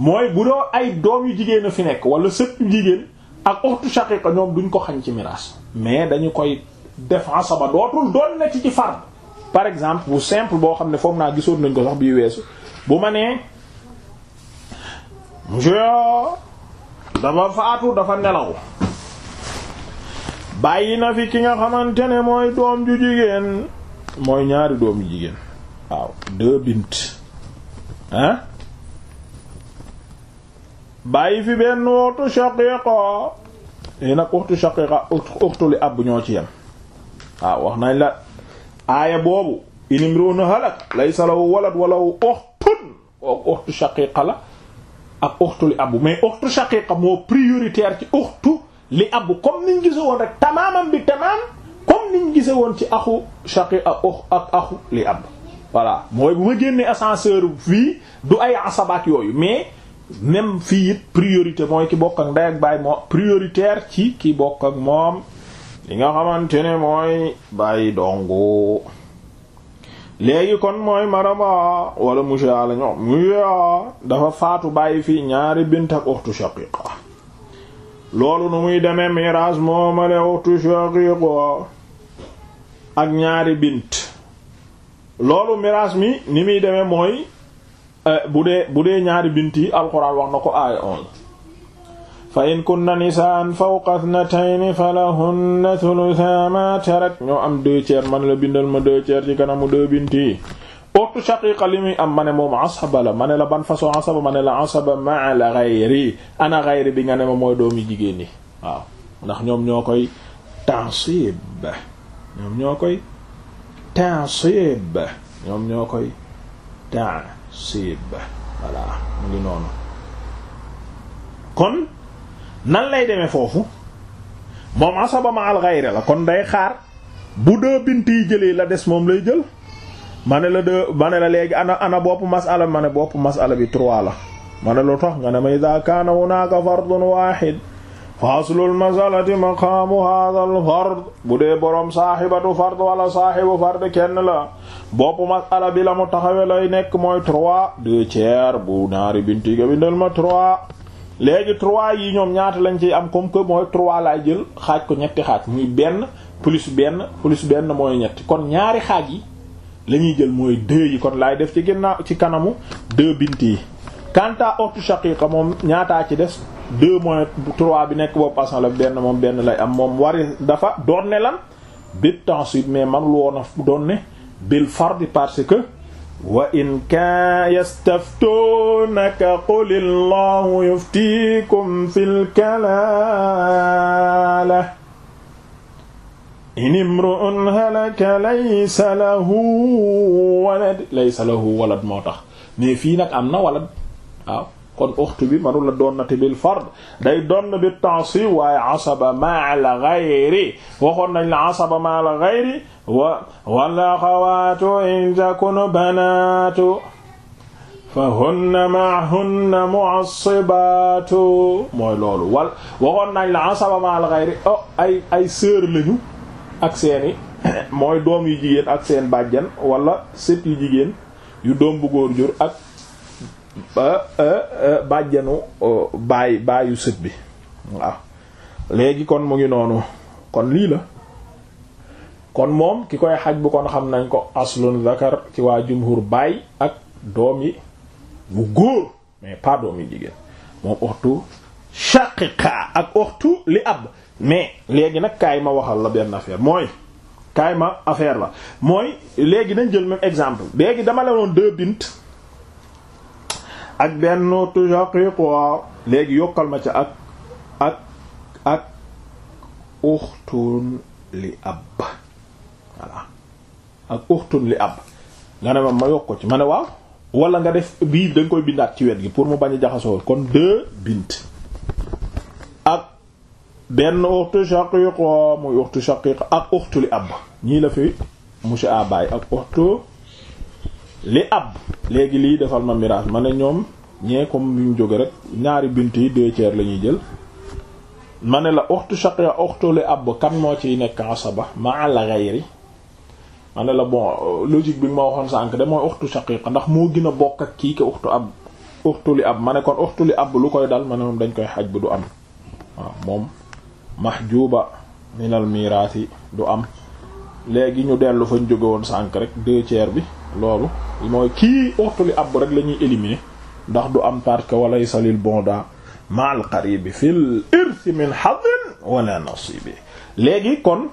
mooy bu doo ay doom yu jigéen a fi nekk wala sëpp yu jigéen ak uxtu shaqiqa ñoom duñ ko xañ ci miraas mais dañu koy def asaba dootul doo na ci ci par exemple bu simple boo xam ne foog naa gisoon nañ ko sax bii weesu bu ma nee monsieur dafa faatu dafa nelaw bàyyi na fi ki nga xamante ne mooy doom ju jigéen mooy ñaari doom yu jigéen waaw deux bint ah bàyyi fi benn uxtu shaqiqa yi nag uxtu shaqiqa uxtu li ab ñoo ci yem waaw wax nañ la aaya boobu inimruun halak laysa lahu walad wa lahu uxtun wook uxtu shaqiqa la ak uxtu li ab mais uxtu shaqiqa moo prioritaire ci uxtu li abbu comme niñ gise woon rek tamaamam bi tamaam comme gise woon ci axu shaqi ak ak li ab voilà mooy bu ma génnee ascenseur fii du ay asabaat yooyu mais même fii it priorité mooy ki bokk ak ndey ak baay moo prioritaire ci ki bokk ak moom li nga xamante ne mooy bàyyi dongo léegi kon mooy maraba wala monsieur la ñoom dafa faatu bàyyi fii ñaari bint ak uxtu shaqiqa loolu nu muy deme miraas moomale waxtu shaqiiqa ak ñaari bint loolu miraas mi ni muy demee mooy eh, bu dee bu dee ñaari bint yi alxuraan wax na ko aaya onze fa in kunna nisaan fawqa thnatayni falahunna thulutha ma tarak ñoo am deux tiers man la bindal ma deux tiers ci kanamu deux bint yi waxtu shaqiiqa li muy am ma ne moom asaba la ma ne la ban façon asaba ma ne la asaba ma la ghayri ana ghayri bi nga ne ma mooy doomi jigéen ñi waaw ndax ñoom ñoo koy tansib ñoom ñoo koy tansib ñoom ñoo koy tansib mu ngi noonu kon nan lay demee foofu moom asaba ma al ghayri la kon day xaar bu dee bint yi jëlee la des moom lay jël ma ne la de ma ne la léegi ana ana bopp masala mane ne bopp masala bi trois la ma ne lu tax nga ne ma ida kaana hunaaka fardun wahid faaslul masalati maqaamu hadha al fard bu dee boroom saaxibatu fard wala saaxibu fard kenn la bopp masala bi la mu taxawe lay nekk mooy trois deux tiers bu ñaari binti ga bindal ma trois léegi trois yi ñoom ñaata lañ ci am comme que mooy trois laay jël xaaj ko ñetti xaaj muy benn plus benn plus benn mooy ñetti kon ñaari xaaj yi lañuy jël mooy deux yi kon laay def ci ginnaaw ci kanamu deux bint yi kanta ortu moom ñaataa ci des deux moins trois bi nekk boobu passant la benn moom benn lay am moom wari dafa doon ne lan bit tansuit mais man lu doon ne bil bi parce que wa in kan yastaftunaka qul illahu yuftikum fil kalala in imru'un halaka laysa lahu walad laysa lahu walad moo tax mais fii nag am na walad waaw kon uxtu bi manu la donnati bil fard day donn bi ta'sib waaye asaba ma'al ghayri waxoon nañ la asaba ma'al ghayri wa wal axawaatu in takunu banaatu fahunna ma'hunna mu'assibaatu mooy loolu wal waxoon nañ la asaba ma'al ghayri oh ay ay sœur lañu ak seeni mooy doom yu jigéen ak seen bàjjan wala sët yu jigéen yu doom bu góor jur ak e, e, bàjjanu baay baayu sët bi waaw léegi kon mu ngi noonu kon lii la kon moom ki koy xaj bu kon xam nañ ko aslun zakar ci waa jumhur baay ak doom yi bu góor mais pas doom yi jigéen moom oxtu shaqiqa ak oxtu li ab mais léegi nag kaay ma waxal la benn affaire mooy kaay ma affaire la mooy léegi nañ jël même exemple léegi dama la woon bint ak benn tujaqiq waaw léegi yokkal ma ca ak ak ak uxtun li ab voilà ak uxtun li ab nga ne ma ma yokk ko ci ma ne waaw wala nga def bii dañ koy bindaat ci wet gi pour mu bañ a jaxasoo kon deux bint ak benn uxtu shaqiqa muy uxtu shaqiqa ak uxtu li ab ñii la fi monsieur a baay ak uxtu li ab léegi lii defal ma miraas ma ne ñoom ñee comme bi mu jóge rek ñaari bint yi deux tiers la jël ma ne la uxtu shaqiqa uxtu li ab moo ciy nekk asaba ma la gayri ma ne bi ma waxoon de mooy uxtu shaqiqa ndax moo gën bokk kii ke uxtu ab uxtu ma ne kon uxtu li ab lu koy dal ma ne moom dañ koy xaj bu du am waaw moom mahjuba minal miraas yi du am léegi ñu dellu fañ jóge woon sànk rek deux tiers bi loolu mooy kii waxtu li àbb rek la ñuy éliminer ndax du am parce que walay salil bonda mal bi fii irsi min hadin wala bi léegi kon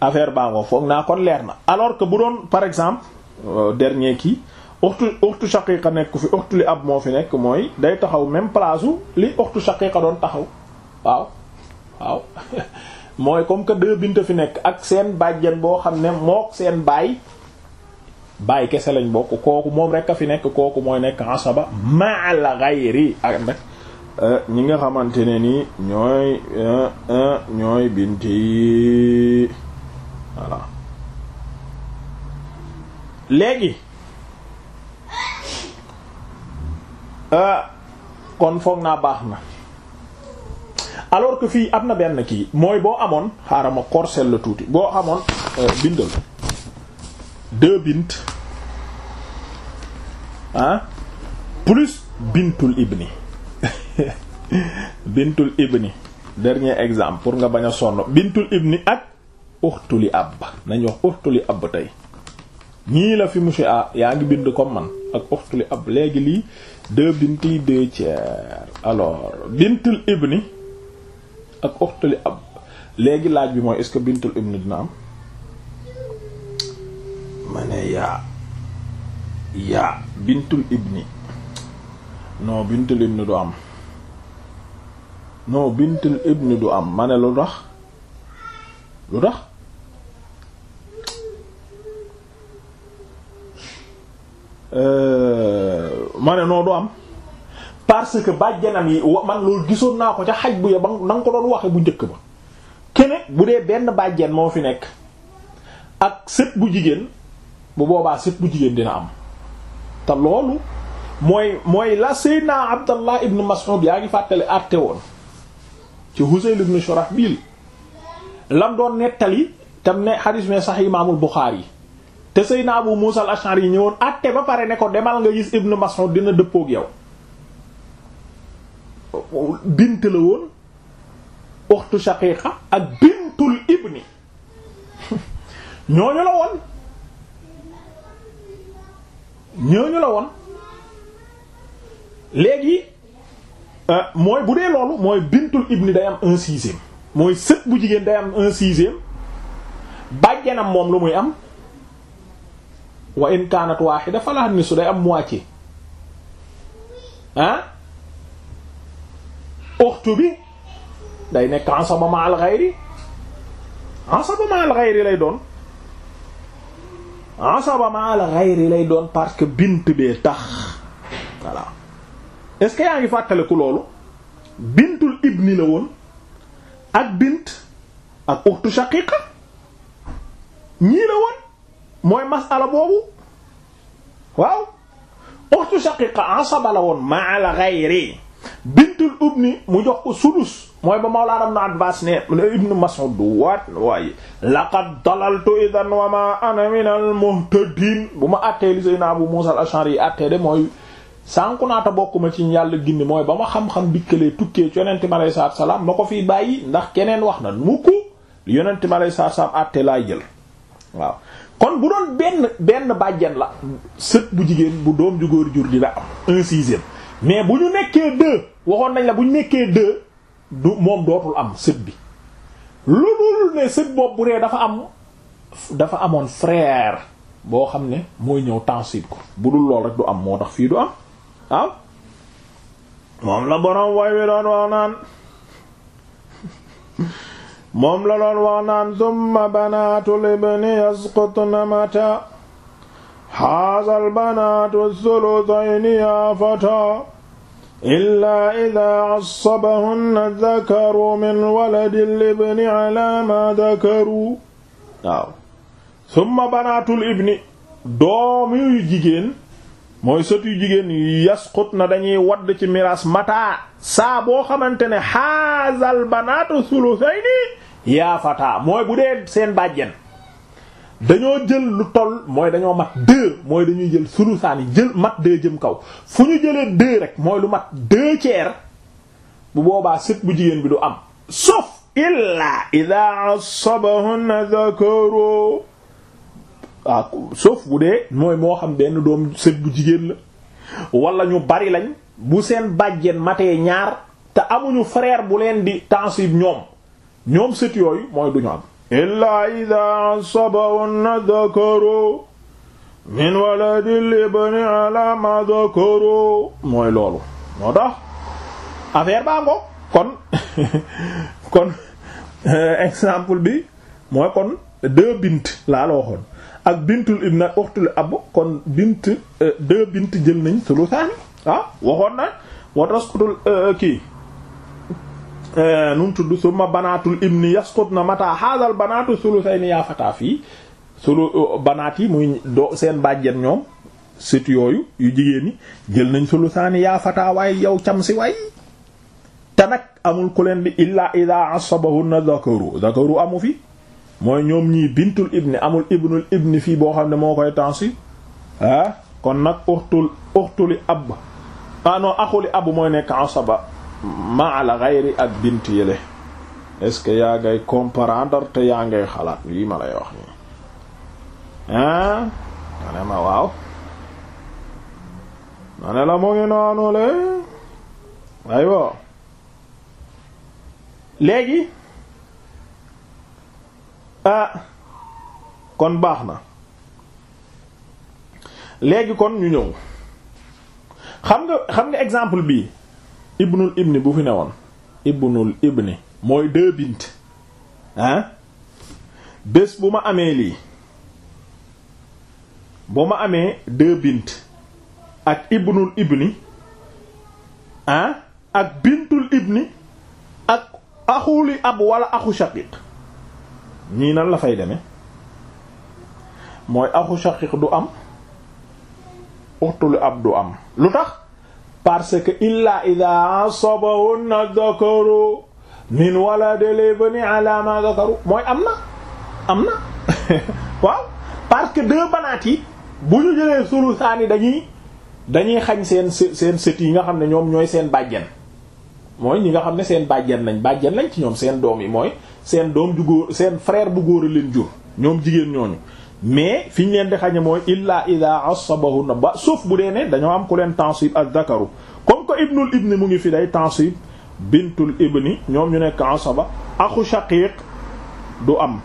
affaire baa ngoo foog naa kon leer na alors que bu doon par exemple euh, dernier kii uxtu uxtu shaqiqa nekk fi uxtu li ab moo fi nekk mooy day taxaw même place li uxtu shaqiqa doon taxaw waaw waaw mooy comme que deux bint fi nekk ak seen bàjjen boo xam ne mook seen baay baay kese lañ bokk kooku moom rek a fi nekk kooku mooy nekk asaba ma'al ghayri ak nag euh, ñi nga xamante ne ni ñooy euh, euh, ñooy bint yi voilà léegi kon foog naa baax na alors que fii am na benn kii mooy boo amoon xaaral ma korsel la tuuti boo amoon euh, bindal deux bint ah plus bintul ibni bintul ibni dernier exemple pour nga bañ a sonn bintul ibni ak uxtuli ab nañ wax uxtuli ab tey ñii la fi monsieur a yaa ngi bind comme man ak uxtuli ab léegi lii deux binti deux tiers alors bintul ibni ak uxtuli ab léegi laaj bi mooy est-ce que bintul ibn dina am ma ne yaa yaa bintul ibni non bintul ibni du am non bintul ibni du am ma ne lu tax lu tax euh, ma ne non du am parce que bàjjanam yi man loolu gisoon naa ko ca xaj bu ya ba na ko doon waxe bu jëkk ba kene bu dee benn bàjjan moo fi nekk ak sët bu jigéen bu boobaa sët bu jigéen dina am te loolu mooy mooy la Seydina Abdallah ibn Mas'ud yaa ngi fàttali àtte woon ci Husayl ibn Shurahbil lan doon nettali tam ne xadiis me sax imaamul yi te Seydina Abu Muusa al-Ash'ari yi ñëwoon àtte ba pare ne ko demal nga gis Ibn Mas'ud dina dëppook yow bint la woon uxtu shaqiqa ak bintul ibni ñooñu la woon ñu la woon léegi euh, mooy bu dee loolu mooy bintul ibni day am un sixième mooy sët bu jigéen day am un sixième bàjjanam moom lu muy am wa in kanat wahida falaha nisu day am moitié ah uxtu bi day nekk asaba ma al ghayri asaba ma al ghayri lay doon asaba ma al ghayri lay doon parce que bint bee tax voilà est ce que yaa ngi fàttaliku loolu bintul ibni la woon ak bint ak uxtu shaqiqa ñii la woon mooy masala boobu waaw uxtu shaqiqa asaba la woon ma al ghayri bintul ubni mu jox ko sudus mooy ba Mawlaana Ibn Abbaas ne Ibn Mas'ud waat waaye laqad dalaltu idan wa ma ana min al bu ma àttee li Seydina Abu Muusa al-Ash'ari yi àttee de mooy sànku naata bokkuma ci yàlla gindi mooy ba ma xam-xam dikkalee tukkee ci yonente mi aleyi salaatu salaam ma ko fiy bàyyi ndax keneen wax na mukk yonente mi aleyi salaatu salaam àttee laay jël waaw kon bu doon benn benn bàjjen la sët bu jigéen bu doom ju góor jur dina am un mais bu ñu nekkee deux waxoon nañ la bu ñu nekkee dë moom dootul am sët bi lu dul ne sët boobu bu ree dafa am dafa amoon frère boo xam ne mooy ñëw tansib ko bu dul lool rek du am moo tax fii du am waaw ah? moom la boroom way wi doon wax naan moom la doon wax naan summa banaatul ibni yasqutna mata xaasal banaatu thulutayni yaa fata illaa idaa asabahunna dakaru min waladi libni ala ma dakaru waaw summa banaatul ibni doom yu jigéen mooy sët yu jigéen yasqut na dañuy wadd ci miraas mataa saa boo xamante ne xaasal banaatu thulutayni yaa fata mooy bu dee seen bàjjen dañoo jël lu tol mooy dañoo mat deux mooy dañuy jël sulusaan yi jël mat deux jëm kaw fu ñu jëlee deux rek mooy lu mat deux tiers bu boobaa sët bu jigéen bi du am sauf illa ida asabahunna dhakaru ah sauf bu dee mooy moo xam benn doom sët bu jigéen la walla ñu bari lañ bu seen bàjjen matee ñaar te amuñu frère bu leen di tansib ñoom ñoom sët yooyu mooy duñu am illaa idaa asabaunna dakaro min waladil ibni ala ma dakaro mooy loolu moo tax affaire baa ngo kon kon exemple bi mooy kon deux bint laa la waxoon ak bintul ibn ak uxtul ab kon bint euh, deux bint jël nañ sulusaani ah waxoon na wataskutul euh, kii Euh, nu mu tudd summa banaatul ibni yasqut na mata haadal banaatu sulusayni yaa fataa fii sulu uh, banaat yi muy do seen bàjjen ñoom sët yooyu yu jigéen ñi jël nañ sulusaani yaa fataa waay yow cam si waay te nag amul ku leen di illaa ida asabahunna zakaru zakaru amu fi mooy ñoom ñii bintul ibni amul ibnul ibni fii boo xam ne moo koy tansi ah kon nag uxtul uxtuli ab ah non axuli ab mooy nekk asaba ma la xayri ak bint yële est-ce que yaa ngay comprendre te yaa ngay xalaat lii ma lay wax nii ah ma ne ma waaw ma ne la mu ngi noonu le aywa léegi ah kon baax na léegi kon ñu ñëw xam nga xam nga exemple bii ibnul ibni bu fi ne woon ibnul ibni mooy deux bint ah bu ma amee lii bu ma amee deux ak ibnul ibni ak bintul ibni ak axuli ab wala axu shaqiq ñii nan la fay deme mooy axu shaqiq du am uxtuli ab du am lu tax parce que illaa ida asabahunna dhakaru min waladele bani ala ma dhakaru mooy am na am na waaw parce que deux banaat yi bu ñu jëlee sulusaani dañuy dañuy xañ seen seen sët yi nga xam ne ñoom ñooy seen bàjjen mooy ñi nga xam ne seen bàjjen nañ bàjjen lañ ci ñoom seen doom yi mooy seen doom ju góor seen frère bu góor a leen jur ñoom jigéen ñooñu mais fi ñu leen di xañe mooy illa ida asabahunna ba sauf bu dee ne dañoo am ku leen tansib ak zakaru comme que ibnul ibni mu ngi fi day tansib bintul ibni ñoom ñu nekk asaba aku shaqiq du am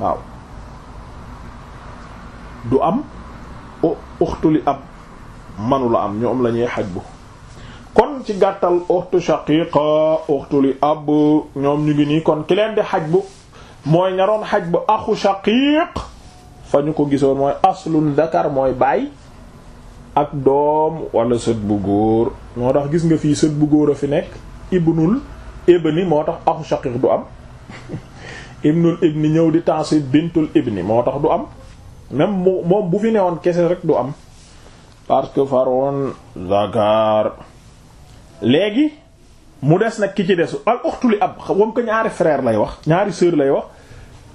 waaw du am uxtuli ab manula am ñoom lañuy xaj bu kon ci gàttal uxtu shaqiqa uxtuli ab ñoom ñu ngi nii kon ki leen di xaj bu mooy ñaroon xaj ba axu shaqiiq fa ñu ko gisoon mooy aslun dakar mooy baay ak doom wala sët bu góor moo tax gis nga fii sët bu góor a fi nekk ibnul ibni moo tax axu shaqiiq du am ibnul ibni ñëw di tansi bintul ibni moo tax du am même moom bu fi newoon kese rek du am parce que faroon dakar léegi mu des nag ki ci desu al uxtuli ab wam ko ñaari frère lay wax ñaari sœur lay wax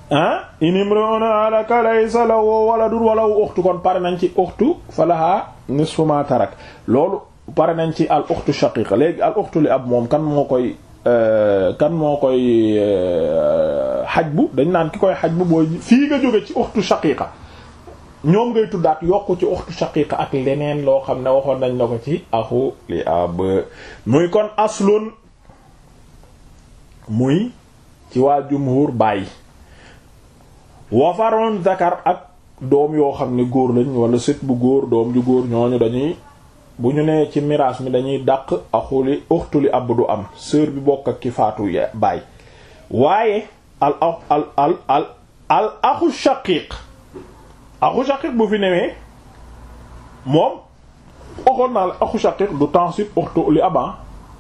ah inimrona alaka laysa lahu waladun wa lahu uxtu kon pare nañ ci uxtu falaha nisfu ma tarak loolu pare nañ ci al uxtu shaqiqa léegi al uxtu li ab moom kan moo koy euh, kan moo koy euh, xaj bu dañ naan ki koy xaj bu booy fii nga jóge ci uxtu shaqiqa ñoom ngay yokk ci uxtu shaqiqa ak leneen loo xam ne waxoon nañ la ci axu li ab muy kon aslun muy ci waa jumhur bàyyi wa farun zakar ak doom yoo xam ne góor lañ wala sët bu góor doom ju góor ñooñu dañuy bu ñu nee ci miraas mi dañuy dàq axuli uxtuli ab du am sœur bi bokk ak ci faatu baay waaye al al al al al axu shaqiq axu ah, shaqiq bu fi newee moom waxoon naa la axu shaqiq du tansib uxtu li aban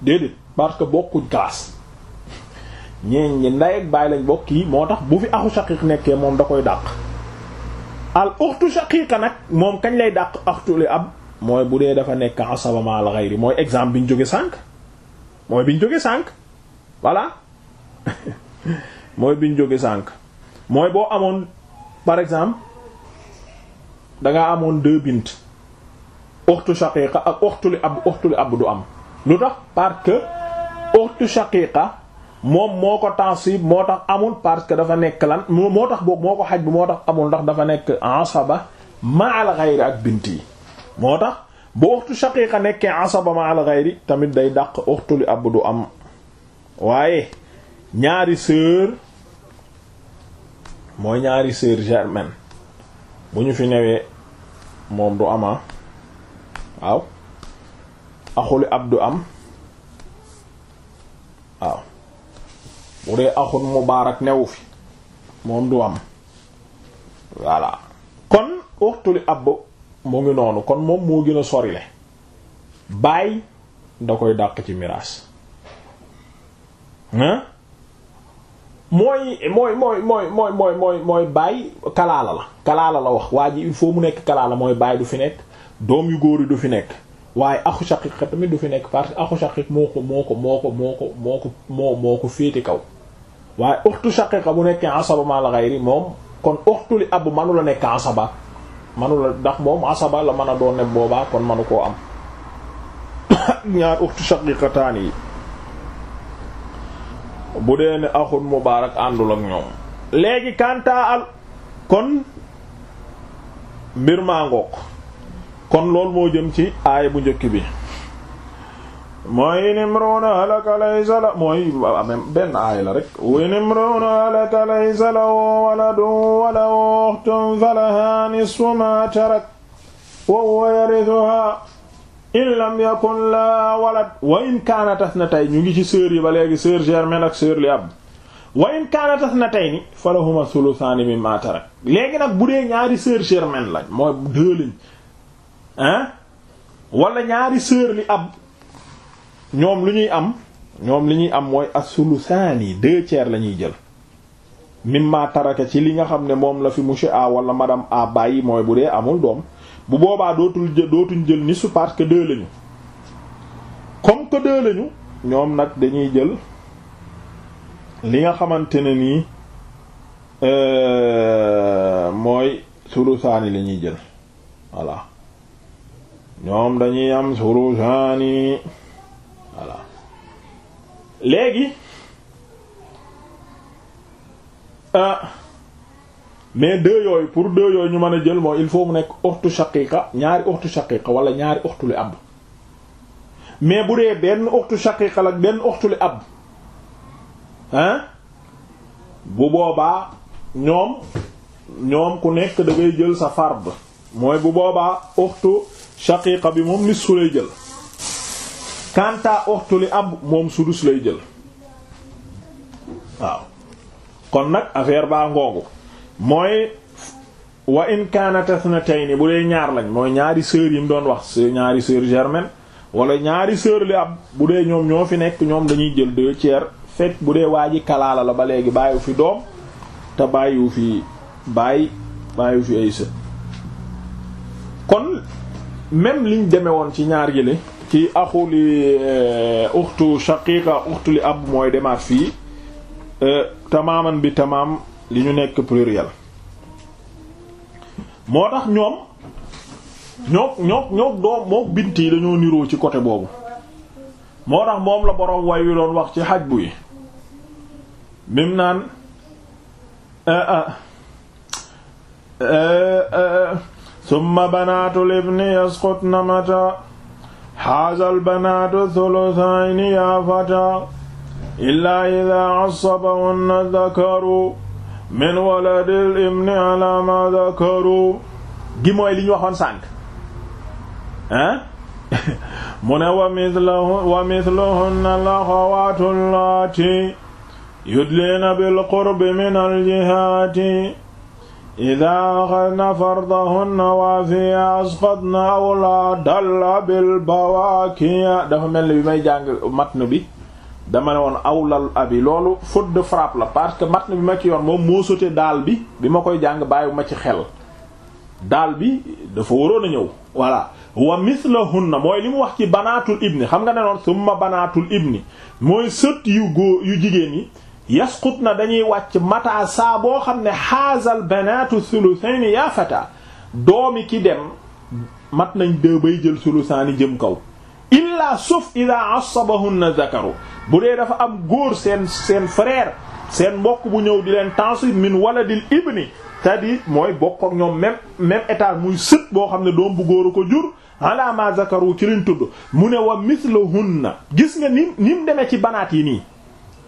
déedéet parce que bokkuñ classe ñeen ñi ndey ak baay lañ bokk kii moo tax bu fi axu shaqiq nekkee moom da koy dàq al uxtu shaqiqa nag moom kañ lay dàq uxtu li ab mooy bu dee dafa nekk asaba ma al ghayri mooy exemple bi ñu jóge sànq mooy biñ ñu jóge sànq voilà mooy bi ñu jóge sànq mooy boo amoon par exemple dangaa amoon deux bint uxtu shaqiqa ak uxtu li ab uxtu li ab du am lu tax parce que uxtu moom moo ko tansib moo tax amul parce que dafa nekk lan moo tax boobu moo ko xaj bi moo tax amul ndax dafa nekk asaba ma'al ghayri ak bint yi moo tax bu uxtu shaqiqa nekkee asaba ma'al ghayri tamit day dàq uxtu li ab du am waaye ñaari sœur mooy ñaari sœur germaine bu ñu fi newee moom du ama waaw axuli ab du am waaw bu dee axul mubaarak newu fi moom du am voilà kon uxtuli ab mu ngi noonu kon moom moo gën a sorile baay da dàq ci miraas hein mooy mooy mooy mooy mooy mooy mooy mooy baay kalaala la kalaala la wax waa ji il faut mu nekk kalaala mooy baay du fi nekk doom yu góor yi du fi nekk waaye axu shaqiq tamit du fi nekk parce que axu shaqiq moo ko moo ko moo ko moo ko moo ko moo moo ko féete kaw waaye uxtu shaqiqa bu nekkee asaba ma la moom kon uxtu li ab manu la nekk asaba manu la ndax moom asaba la mën a doon ne boobaa kon manu koo am ñaar yi bu dee ne axun mubaarak àndul ñoom léegi kantaa al kon mbir maa kon loolu moo jëm ci aaya bu njëkk bi mooy nimruna halaka laysa la mooy benn aaya la rek wi nimruna halaka laysa lahu waladun wa lahu ukhtun falaha nisfu ma tarak wa huwa yarithuha in lam yakun la walad wa in kaanatas na tey ñu ngi ci sœurs yi ba léegi sœur germaine ak sœur li ab wa in kaanatas na tey ni falahuma sulusaani mimma tarak léegi nag bu dee ñaari sœur germaine lañ mooy deux lañ hein wala ñaari sœur li ab ñoom lu ñuy am ñoom li ñuy am mooy as-sulusaani deux tiers la ñuy jël mimma taraka ci li nga xam ne moom la fi monsieur a wala madame a bàyyi mooy bu dee amul doom bu boobaa dootul jël dootuñ jël nisfu parce que deux lañu comme que deux ñoom nag dañuy jël li nga xamante ne nii euh, mooy sulusaani la ñuy jël voilà ñoom dañuy am sulusaani voilà léegi euh, mais deux yooyu pour deux yooyu ñu man a jël mooy il faut mu nekk uxtu shaqiqa ñaari uxtu shaqiqa wala ñaari uxtu li ab mais bu dee benn uxtu shaqiqa la benn uxtu li ab hein bu boobaa ñoom ñoom ku nekk da jël sa fard mooy bu boobaa uxtu shaqiqa bi moom nis su lay jël kanta uxtu li ab moom sudus lay jël waaw kon nag affaire baa ngoogu mooy wa in kaanat ithnatayni bu dee ñaar lañ mooy ñaari sœurs yi mu doon wax si ñaari sœurs germaines wala ñaari sœurs li ab bu dee ñoom ñoo fi nekk ñoom dañuy jël deux tiers fekk bu dee waa ji kalaala la ba léegi bàyyiwu fi doom te bàyyiwu fi bàyyi bàyyiwu fi ay sœurs kon même liñ deme woon ci ñaar yële ci axu li euh, shaqiqa uxtu li ab mooy demaat fii euh, tamaaman bi tamaam li ñu nekk pluriel moo tax ñoom ñoo ñoo doom moo bint yi dañoo niroo ci côté boobu moo tax moom la boroom way wi doon wax ci xaj bu yi mim naan eh, eh, eh, summa banaatu libni yasqut na xaasal banaatu thuluthaini ya fata illaa ida asabahunna dhakaru min waladil ibni ala ma zakaru gi mooy li ñu waxoon sànq ah mu ne wa mithluhu wa mithluhunna al-akhawatu allati yudlina bil qurbi min al-jihati idha akhadna fardahunna wa fiha asqatna awla dalla bil bawakiya dafa mel ni bi may jàng matn bi dama ne woon awlal abi loolu faute de frappe la parce que mat nañ ma moom moo sote bi bi ma koy jàng bàyyi ma ci xel daal bi dafa waroon a ñëw voilà wa na mooy li mu wax ci banaatul ibni xam nga ne noon summa banaatul ibni mooy sët yu góor yu jigéen yi yasqut na dañuy wàcc mata saa boo xam ne xaasal banatu sulusaini yaa fata doomi ki dem mat nañ deux bay jël sulusaani jëm kaw illa sauf ida na zakaru bu dee dafa am góor seen seen frère seen mbokk bu ñëw di leen tansib min waladil ibni ta di mooy bokk ak ñoom même même étage muy sët boo xam ne doom bu góoru ko jur ala ma zakaru ci liñ tudd mu ne wa na gis nga ni ni deme ci banaat yi nii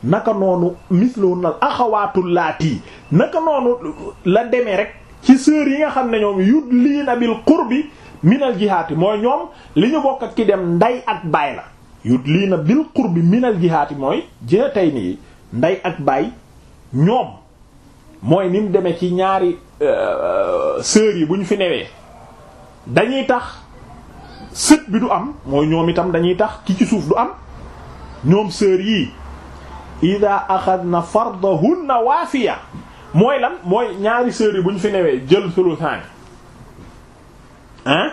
naka noonu mislahunna axawaatul laati naka noonu la demee rek ci sœurs yi nga xam ne ñoom yudliina bil qurbi minal jihaati mooy ñoom li ñu bokk ak ki dem nday ak baay la yut lii na bil qurbi minal jihaati mooy jë tey nii nday ak baay ñoom mooy ni mu demee ci ñaari euh, sœurs yi bu ñu fi newee dañuy tax sët bi du am mooy ñoom itam dañuy tax ki ci suuf du am ñoom sœurs yi ida axadna fardahunna waafiya mooy lan mooy ñaari sër yi bu ñu fi newee jël sulusaani hein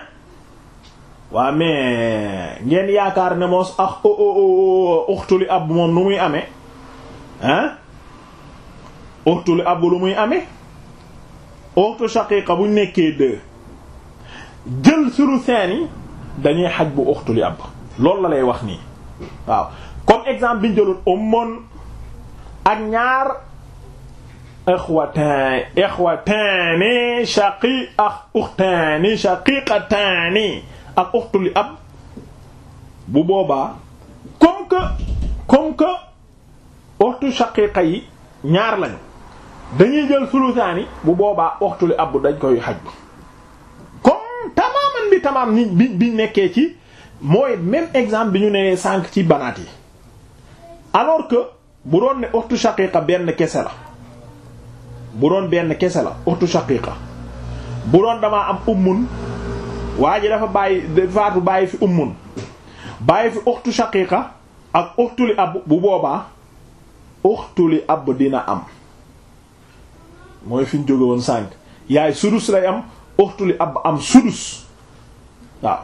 waa mais ngeen yaakaar ne moos ak uxtuli ab moom nu muy amee hein uxtuli ab lu muy ame uxtu shaqiqa buñ nekkee deux jël sulusain yi dañuy xaj bu uxtuli ab loolu la lay wax nii waaw comme exemple biñ jëloon ummun ak ñaar ixwataani ixwataani shaqi ak uxtaani shaqiqataani ak uxtu li ab bu boobaa comme que comme que uxtu shaqiqa yi ñaar lañu dañuy jël sulusaani bu boobaa uxtu li ab dañ koy xaj comme tamaaman bi tamaam bi bi nekkee ci mooy même exemple bi ñu ne sànq ci banaat yi alors que bu doon ne uxtu shaqiqa benn kese la bu doon benn kese la uxtu shaqiqa bu doon damaa am ummun waa ji dafa bàyyi faatu bàyyi fi ummun bàyyi fi uxtu shaqiqa ak uxtu ab bu boobaa uxtu li ab dina am mooy fi ñu jóge woon sànq yaay sudus lay am uxtu li ab am sudus waaw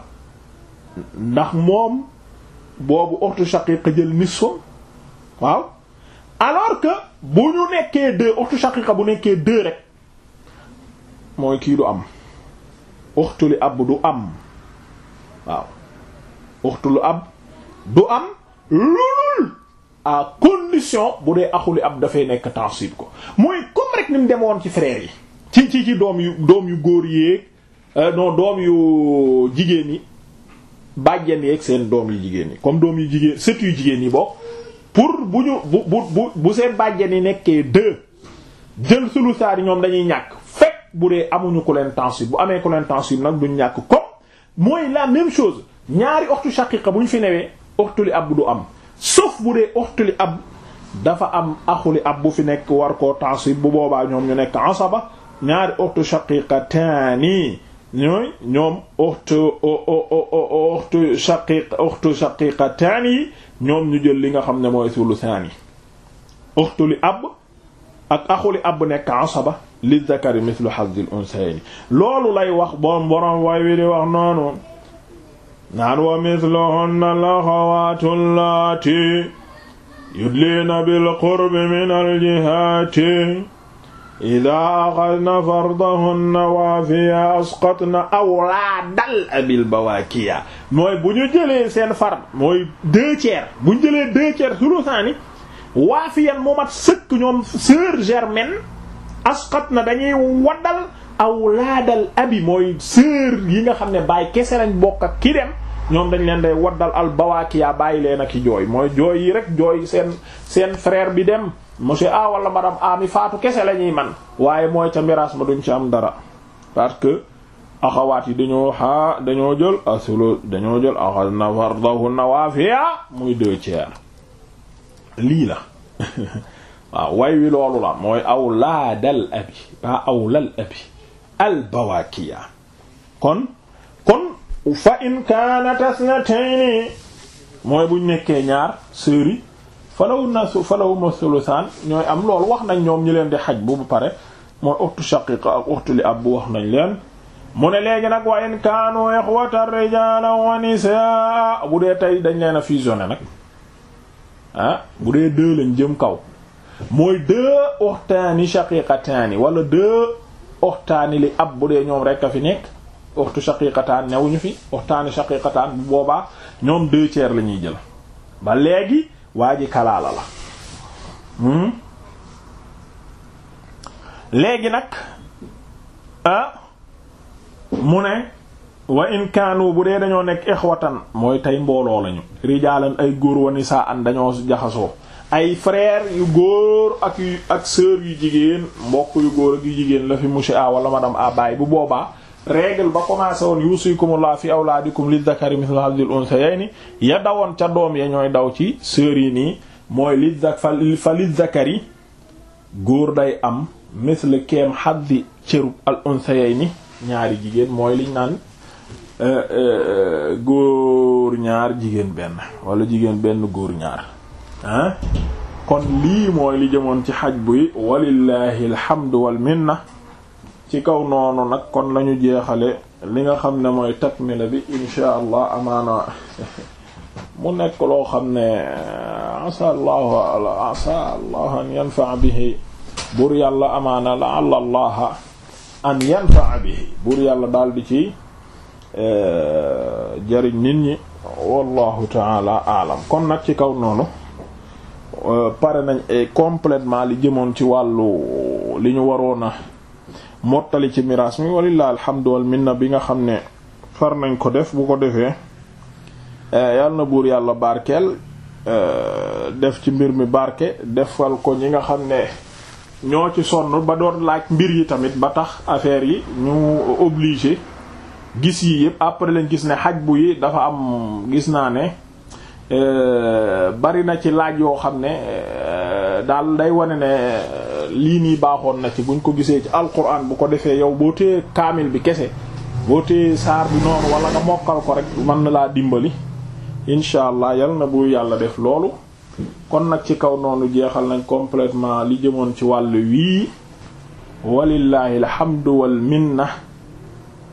ndax moom boobu uxtu shaqiqa jël nisfam waaw alors que bu ñu nekkee deux uxtu shaqiqa bu nekkee deux rek mooy kii du am uxtu li ab du am waaw uxtu lu ab du am lool à condition bu dee axuli ab dafay nekk tansib ko mooy comme rek ni mu demoon ci frères yi ci ci ci doom yu doom yu góor yéeg euh, non doom yu jigéen yi bàjjen yeeg seen doom yu jigéen yi comme doom yu jigéen sët yu jigéen yi bokk pour bu ñu bu bu bu seen bàjjen yi nekk deux jël sulu saar yi ñoom dañuy ñàkk fekk bu dee amuñu ku leen tansib bu amee ku leen tansib nag duñ ñàkk ko mooy la même chose ñaari oxtu shaqiqa bu ñu fi newee oxtu li ab du am sauf bu dee oxtu li ab dafa am axuli ab bu fi nekk war ko tansib bu boobaa ñoom ñu nekk asaba ñaari oxtu shaqiqataani ñooy ñoom oxtu oxtu shaqiq oxtu shaqiqataani ñoom ñu jël li nga xam ne mooy sulusaani uxtu li ab ak axu li ab nekk asaba li zakari mithlu hazzil unsayni loolu lay wax boom way wi di wax noonu naan wa mithluhunna laxawaatul laati yudliina bil qurbi min al jihaati idaa axadna fardahunna waafiya asqatna awlaadal abil bawaakiya mooy bu ñu jëlee seen fard mooy deux tiers bu ñu jëlee deux tiers sulusaani waafiyan mu mat sëkk ñoom sœur germaine asqatna dañuy waddal awlaadal abi mooy sœur yi nga xam ne baay kese lañ bokk ak ki dem ñoom dañ leen day waddal al bawaakiya bàyyi leen ak i jooy mooy jooy yi rek jooy seen seen frère bi dem monsieur A wala madame A mi faatu kese la ñuy man waaye mooy ca miraas ma duñ ci am dara parce que axawaat yi dañoo a dañoo jël asulu dañoo jël na fardahu muy deux tiers lii la waaw way wi loolu la mooy awlaadal abi ba awlal abi al bawakiya kon kon fa in kanat asnatayni mooy buñ nekkee ñaar sëri falawu nasu falawu masulusaan ñooy am lool wax nañ ñoom ñu leen di xaj bu bu pare mooy uxtu shaqiqa ak uxtu li ab bu wax nañ leen mu ne léegi nag wa in kaanu ixwata rijala wa nisaa bu dee tey dañ leen a fusionné nag ah bu dee deux lañ jëm kaw mooy deux uxtaani yi wala deux uxtaani li ab bu dee ñoom rek a fi nekk uxtu shaqiqataan ñu fi uxtaani shaqiqataan bu boobaa ñoom deux tiers la ñuy jël ba léegi waa ji kalaala la hmm? léegi nag ah mu ne wa in bu dee dañoo nekk ixwatan mooy tey mbooloo lañu rijaalan ay góor wa an dañoo jaxasoo ay frère yu góor ak yu ak sœur yu jigéen mbokk yu góor ak yu jigéen la fi monsieur a wala madame a baay bu boobaa règle ba commencé woon yuusikumullah fi awlaadikum li zakari mithlu hadhil unsayayni ya dawoon ca doom ya ñooy daw ci sœurs nii mooy li zak fa li zakari góor day am mithlu keem hadhi cërub al ni ñaari jigéen mooy liñ naan euh, euh, góor ñaar jigéen benn wala jigéen benn góor ñaar ah kon lii mooy li jëmoon ci xaj buy walillahi alhamdu wal ci kaw noonu nag kon lañu jeexale li nga xam ne mooy takmila bi insha allah amaana mu nekk loo xam ne asa allah asa allah an yanfaa bihi buur yàlla amaana la allah an yanfaa bihi buur yàlla daal di ci e, jariñ nit ñi wallahu taala alam kon nag ci kaw noonu e, pare nañ e, complètement li jëmoon ci wàllu li ñu waroona mottali ci miraas mi walilah alhamdu wal minna bi nga xam ne far nañ ko def bu ko defee eh, yàlla buur yàlla barkeel eh, def ci mbir mi barke defal ko ñi nga xam ne ñoo ci sonn ba doon laaj mbir yi tamit ba tax affaire yi ñu obligé gis yi yëpp après lañ gis ne xaj bu yi dafa am gis naa ne Euh, bari na ci laaj yoo xam ne euh, daal day wane ne euh, lii nii baaxoon na ci buñ ko gisee ci alquran bu ko defee yow boo téye kaamil bi kese boo téye saar bi noonu wala nga mokkal ko rek mën na laa dimbali incha allah yal na bu yàlla def loolu kon nag ci kaw noonu jeexal nañ completement li jëmoon ci wàll wii walillahi alhamdu wal